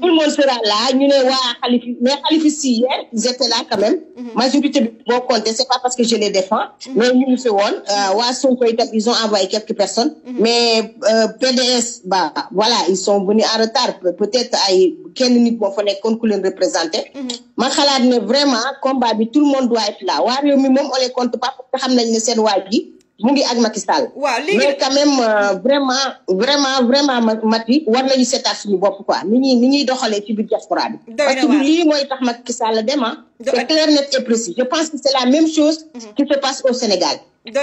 tout le monde sera là Nous sommes là. mais hier ils étaient là quand même. Mhm. majorité bi boo Ce c'est pas parce que je les défends. Mhm. mais nous euh, ils ont envoyé quelques personnes. Mhm. mais euh, PDS voilà ils sont venus en retard peut-être à kenn nit moo fa nekkoon ku leen ma xalaat vraiment combat tout le monde doit être là Nous ne on les compte pas pour que nous nañ ne mu ngi ak Macky Sall. mais quand même euh, vraiment vraiment vraiment Macky war nañu seetaat suñu bop quoi ni ñuy ni ñuy ci bi diaspora bi. parce que li moy tax Macky Sall dem ah. c'est clair net et précis je pense que c'est la même chose. Mm-hmm. qui se passe au Sénégal.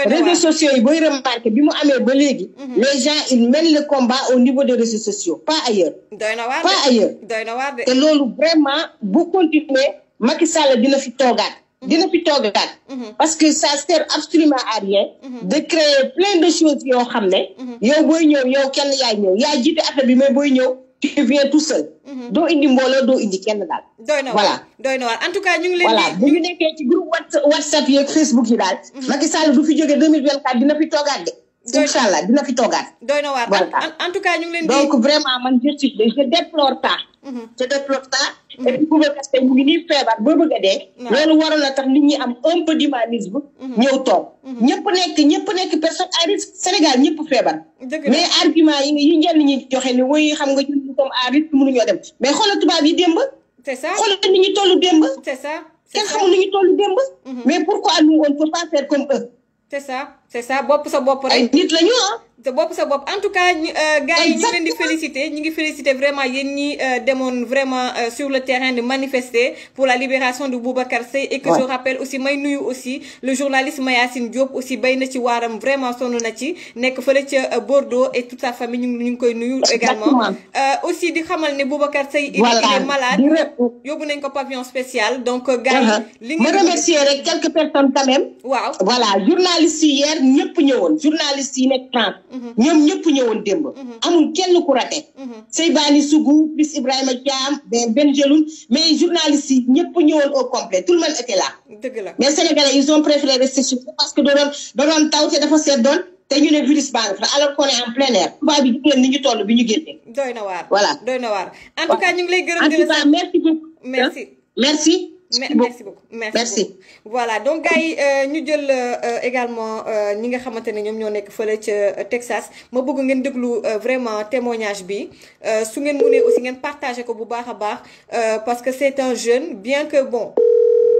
réseaux sociaux yi boy remarqué bi mu amé ba légui mm-hmm. les gens ils mènent le combat au niveau des réseaux sociaux pas ailleurs. pas ailleurs. doy na de te loolu vraiment bu continuer Macky Sall dina fi togat. dina fi toogaat mm-hmm. parce que ça sert absolument à rien mm-hmm. de créer plein de choses yoo xam ne mm-hmm. yow booy ñëw yow kenn yaay ñëw yaa jiite affaire bi mais booy ñëw tu viens tout seul doo indi mbooloo doo indi kenn daal doy na waar en tout cas ñu ngi leen voilà bu whatsapp yeeg facebook yi daal Macky Sall fi jógee deux mille vingt quatre dina fi toogaat de incha allah dina fi toogaat doy na waar en tout cas ñu ngi di déplore pas te def ça. Mm-hmm. et puis gouvernement tey mu ngi nii feebar ba bëgg a dee. loolu waral la tax nit ñi am un peu d'humanisme. Mm-hmm. ñëw toog mm-hmm. ñëpp nekk ñëpp nekk personne à risque Sénégal ñëpp feebar. mais argument yi yi njëriñ ñi joxe ni woy xam nga ñun comme à risque mënuñoo dem mais xoolal tubaab yi démb. c'est ça xoolal nit ñi tollu démb. c'est ça kenn xamul nit ñi tollu démb. mais pourquoi nous on peut pas comme eux. c'est ça bop sa ça ay nit ah. en tout cas. Euh, gars yi ñu leen di féliciter ñi ngi féliciter vraiment yeen ñi euh, vraiment euh, sur le terrain de manifester pour la libération de Boubacar Karsé et que je rappelle aussi may aussi le journaliste Mayassine Diop aussi bayna ci vraiment son na ci nek fele Bordeaux et toute sa famille ñu ngi koy également aussi di xamal Boubacar il est malade yobu nañ ko pavillon spécial donc. gars je uh-huh. li quelques personnes quand même. voilà journaliste hier nag ñëpp ñëwoon journaliste yi nekk France mhm. ñoom ñëpp ñëwoon démb mhm. amul kenn ku raté mhm. Seybani Sougou bis Ibrahima Thiam ben Ben Jeloun mais journaliste yi ñëpp ñëwoon complet tout le monde la mais Sénégalais préféré rester chez parce que dodoon taw te dafa seddoon te ñu ne virus baa ngi fa alors en plein air tubaab bi ni ñu toll bi ñu génnee doy na waar voilà doy na waar en ñu lay gërëm di merci merci merci beaucoup merci voilà donc gars nous euh, ñu jël euh, euh, également ñi nga xamante ne ñoom ñoo nekk fële ca Texas ma bëgg ngeen déglu vraiment témoignage bi su ngeen aussi ngeen partager ko bu baax parce que c'est un jeune bien que bon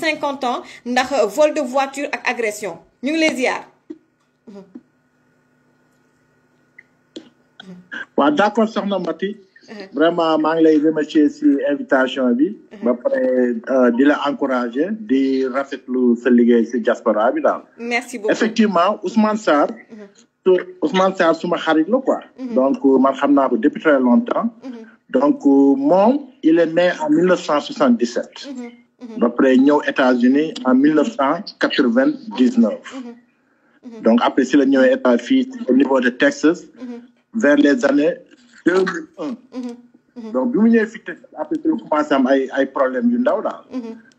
50 ans ndax vol de voiture ak agression ñu les lay ziar. waaw D'accord, soxna Mati. vraiment ma ngi lay remercier ci invitation bi. ba pare euh, di la encourager di rafetlu bi merci beaucoup effectivement Ousmane Sarr. Ousmane Sarr suma xarit la quoi. Mhm. donc euh, man xam depuis très longtemps. Mhm. donc euh, moom il est né en 1977. Mhm. après New États-Unis en 1999. Mhm. Mhm. Donc après cela, nous est au niveau de Texas vers les années 2001. Donc nous avons après commencé à avoir des problèmes là.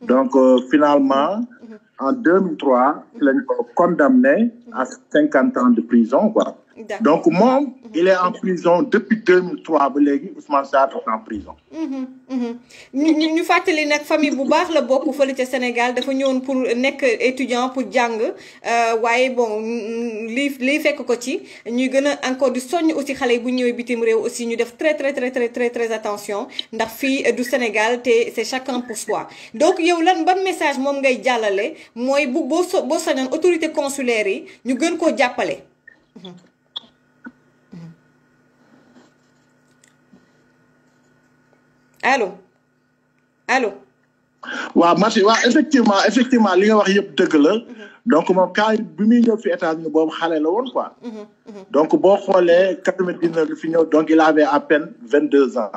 Donc finalement en 2003, il été condamné à 50 ans de prison quoi. Donc, moom il est en prison depuis 2003 ba léegi Ousmane Sarr est en prison. Mhm, mhm. ñu ñu fàttali nag famille bu baax la bokk fële ca Sénégal dafa ñëwoon pour nekk étudiant pour jàng euh, waaye bon les faits fekk ko ci ñuy encore du soññ aussi xale yi bu ñëwee bitim aussi ñu def très très très très très très attention ndax fii du Sénégal c'est chacun pour soi. donc yow lan ban message moom ngay jàllale mooy bu boo so boo autorité consulaire yi ñu gën koo jàppale. Mhm. allo allo. waaw merci waaw effectivement effectivement li nga wax yëpp dëgg la. Mhm. donc moom cas bi muy ñëw fi États-Unis boobu xale la woon quoi. Mhm, mhm. donc boo xoolee quatre-vingt-dix-neuf fi ñëw donc il avait à peine vingt deux ans.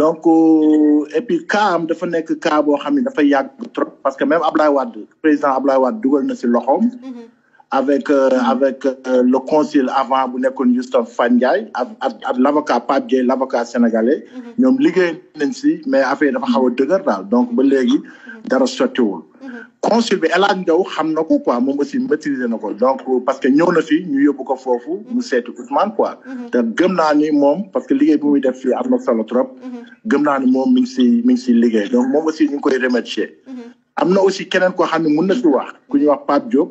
donc euh, et puis cas dafa nekk cas boo xam ne dafa yàgg trop parce que même Ablaye Wade président Ablaye Wade dugal na si loxoom. avec, euh, mm-hmm. avec euh, le conseil avant bu nekkoon Youssouf Fandiaye ak ak ak l' avocat Pape Dieye l' sénégalais. Mm-hmm. ñoom liggéey nañ si mais affaire dafa xaw a dëgër daal donc ba léegi mm-hmm. dara sottiwul. consul bi elan Hadj Ndao ko quoi mom aussi maîtriser nako donc parce que ñëw na fi ñu yóbbu ko fofu mu setti Ousmane quoi. te gëm naa ni mom parce que liguey bu muy def fi am na solo trop. gëm naa ni mom mi ngi si mi ngi donc mom aussi ñu koy remercier. amna aussi keneen ko xamni ne na si wax ku ñu wax Pape Diop.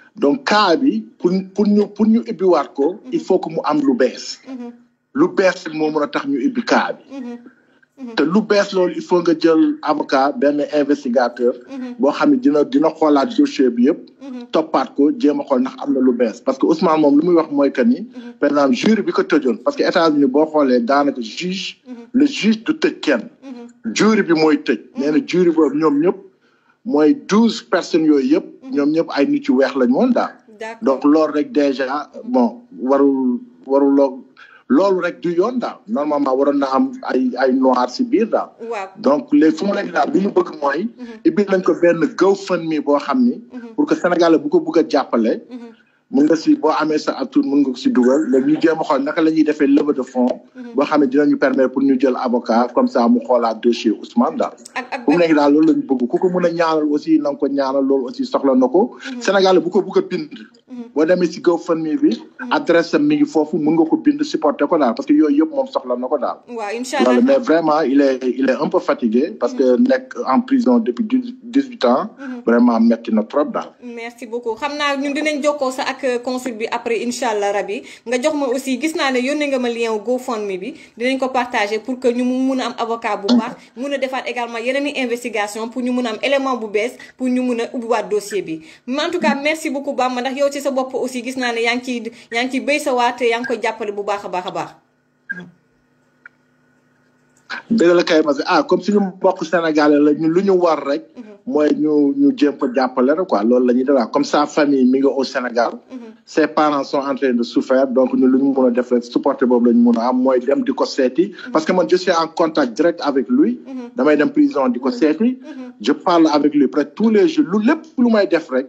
donc cas pour pour ñu pour ñu mhm. il faut que mu am lu bees mhm. lu bees moo mën a tax ñu ibbi cas mhm. te il faut nga jël avocat benn investigateur boo xam dina dina xoolaat dossier bi yëpp toppaat ko jéem a xool ndax lu parce que Ousmane moom lu muy wax mooy que ni par exemple jury bi ko tëjoon parce que unis juge le juge du tëj jury bi mooy tëj jury ñëpp douze personnes yooyu ñoom ñëpp ay nit yu weex lañ woon daal. donc loolu rek déjà bon warul waruloo loolu rek du yoon daal normalement waroon na am ay ay noir si biir daal. donc léegi fu mu nekk daal li ñu bëgg mooy. ibbi mhm. lañ ko benn GoFundMe boo xam ni. Mhm. pour que Sénégalais bu ko bëgg a jàppale. Mhm. mën nga si boo amee sa atout mën nga ko si dugal léegi ñu jéem a xool naka la ñuy defee levée de fond mhm. boo xam ne dinañu permettre pour ñu jël avocat comme ça mu xoolaat dossier Ousmane daal bu mu nekk daal loolu lañu bëgg ku ko mun a ñaanal aussi na nga ko ñaanal loolu aussi soxla na ko mhm. Sénégal bu ko bëgg a bind mhm. boo demee si GoFundMe bi adresse am mi ngi foofu mën nga ko bind supporter ko daal parce que yooyu yëpp moom soxla na ko daal waaw inchallah mais vraiment il est il est un peu fatigué parce que nekk en prison depuis dix-huit ans vraiment metti na trop daal merci beaucoup xam naa ñun dinañ jokkoo sa ak ak consul bi après inshallah Rabbi. nga jox ma aussi gis naa ne yónnee nga ma lien GoFundMe bi dinañ ko pour que nous mun am avocat bu baax également yeneen investigation pour ñu am élément bu base pour ñu mun dossier mais en tout cas merci beaucoup Bamba ndax yow ci sa aussi gis naa ne yaa ngi ciy yaa ngi ciy béy sa waat bu baax ah comme suñu mbokk Sénégalais la ñu lu war mhm moy ñu ñu jéem jappalé jàppale quoi loolu lañu dara comme sa famille mi nga au Sénégal. Mhm. ses parents sont en train de souffrir donc ñu luñu mëna def rek supporter bobu lañu mëna mun am mooy dem diko séti mhm. parce que man je suis en contact direct avec lui. Mhm. damay dem prison diko séti je parle avec lui près tous les jours lu lepp lu may def rek.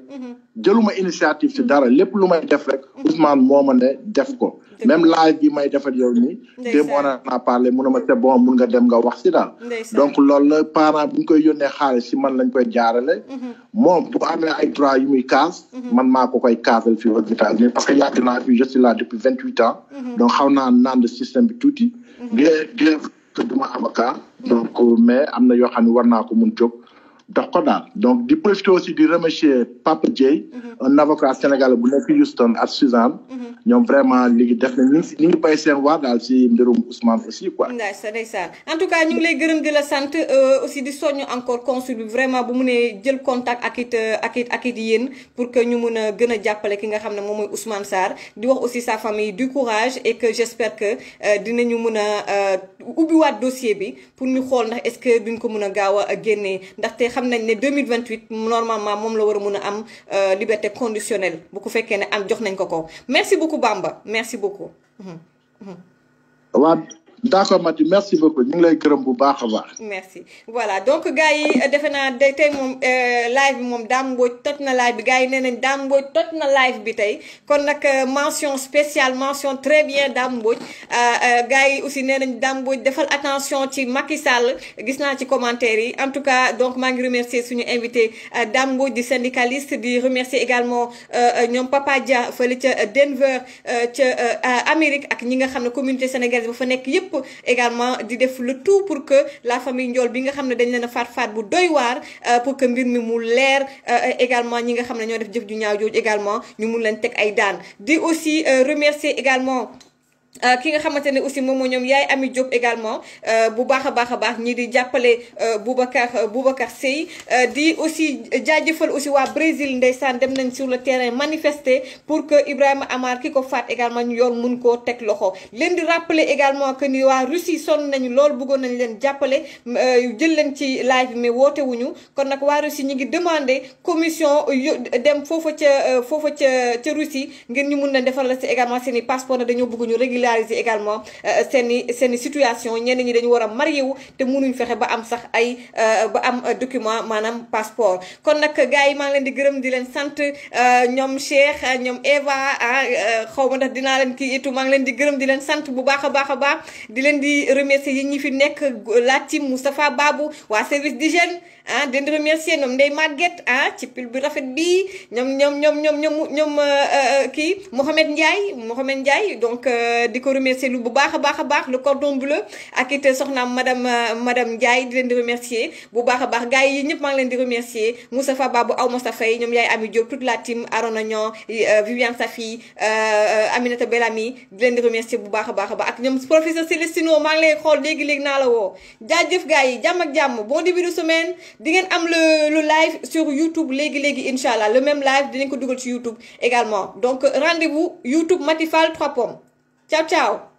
jëluma initiative ci dara lepp lu may def rek Ousmane moo ma def ko même live bi may defal yow ni dem on en a parlé mun na ma c'est bon mun nga dem nga wax ci dal donc loolu parents parent bu ñu koy yone xaalis si man lañ koy koy jaarale. moom bu amee ay droit yu muy kaas. man maa ko koy kaasal fi aux états parce que yàgg naa fi je suis là depuis vingt huit ans. donc xaw naa naan système bi tuuti. bien mhm. bien que duma avocat. Mhm. donc euh, mais am na yoo xam ne war naa ko mun jóg d'accord ko donc di profité aussi di remercier Papa Dieye mhm. un avocat sénégalais bu nekk Houston à Suzanne mhm. ñoom vraiment léegi def na ñu ngi ñu ngi seen waar daal si mbirum Ousmane aussi quoi c'est ça en tout cas ñu les lay de la la euh, aussi di soññ encore consul vraiment bu munee jël contact ak it euh, ak it ak pour que ñu mun a gën a jàppale ki nga nous ne Ousmane Sar. di wax aussi sa famille du courage et que j'espère que euh, dinañu mun a euh, ubbiwaat dossier bi pour nous voir ndax est-ce que nous ko mun a gaaw a en 2028 normalement moom la war euh, liberté conditionnelle bu ko am jox nañ merci beaucoup Bamba merci beaucoup. Hum, hum d'accord Mati merci beaucoup ñu ngi lay gërëm bu merci voilà donc gars yi euh, defe naa euh, live bi moom Dame tot na live bi gars yi Dame boit tot na live bi Qu'on kon que euh, mention spéciale mention très bien Dame boit. gars yi aussi nee nañ Dame boit. defal attention ci Macky Sall gis ci commentaire yi en tout cas donc maa ngi remercier suñu invité Dame boit di syndicaliste di remercier également ñoom Papa Dia fële ca Denver euh, Amérique ak ñi nga xam communauté sénégalaise Vous fa nekk également di def le tout pour que la famille Ndiol bi nga dañ euh, pour que mbir mi euh, également ñi nga de def également ñu mën leen aussi euh, remercier également euh, ki nga xamante aussi moom ñom yaay Ami job également euh bu baaxa baaxa baax ñi di jàppale euh, Boubacar euh, Boubacar Sey di aussi jaajëfal aussi wa Brésil ndeysaan dem nañ sur le terrain manifester pour que Ibrahima Amar kiko ko faat également ñu yoon mun ko tek loxo. leen di rappeler également que ni wa Russie son nañ lool bëggon nañ leen jàppale jël leen ci live bi mais woote wuñu kon nak wa Russie ñi ngi demander commission dem fofu ca fofu ca ca Russie ngir ñu mun leen defal la ci également seen passeport dañu bëggu ñu régler régulariser également euh, seen i seen situation ñen ñi dañu wara marié wu té mënuñ fexé ba am sax ay euh, ba am euh, document manam passeport kon nak gaay yi maa ngi leen di gërëm di leen sant ñom Cheikh ñom Eva ah xaw ma ndax dinaa leen kii itu maa ngi leen di gërëm di leen sant bu baax a ba di leen di remercier yi ñi fi nek la team Moustapha Babou waa service d'hygiène ah de remercier ñoom Ndeye Maguette ah ci pil bi rafet bi ñom ñom ñom ñom ñom ñoom euh, euh, ki Mohamed Ndiaye Mohamed Ndiaye donc euh, di ko remercier lu bu baax a baax le cordon bleu ak it soxna madame madame Ndiaye di leen di remercier bu baax a baax gars yi ñep maa ngi di remercier Moustapha Babou aw Moustapha yi ñom yaay Ami Diop toute la team Arona Niang Viviane Safi Aminata belami di leen di remercier bu baax a baax ak ñom professeur Célestino maa ngi lay xol léegi-léegi na la wo jaajëf gars yi jàmm ak jàmm bon début de semaine di am le live sur YouTube légui légui Inshallah. le même live dinañ ko dougal ci YouTube également donc rendez-vous YouTube Matifal 3 pommes ciao ciao.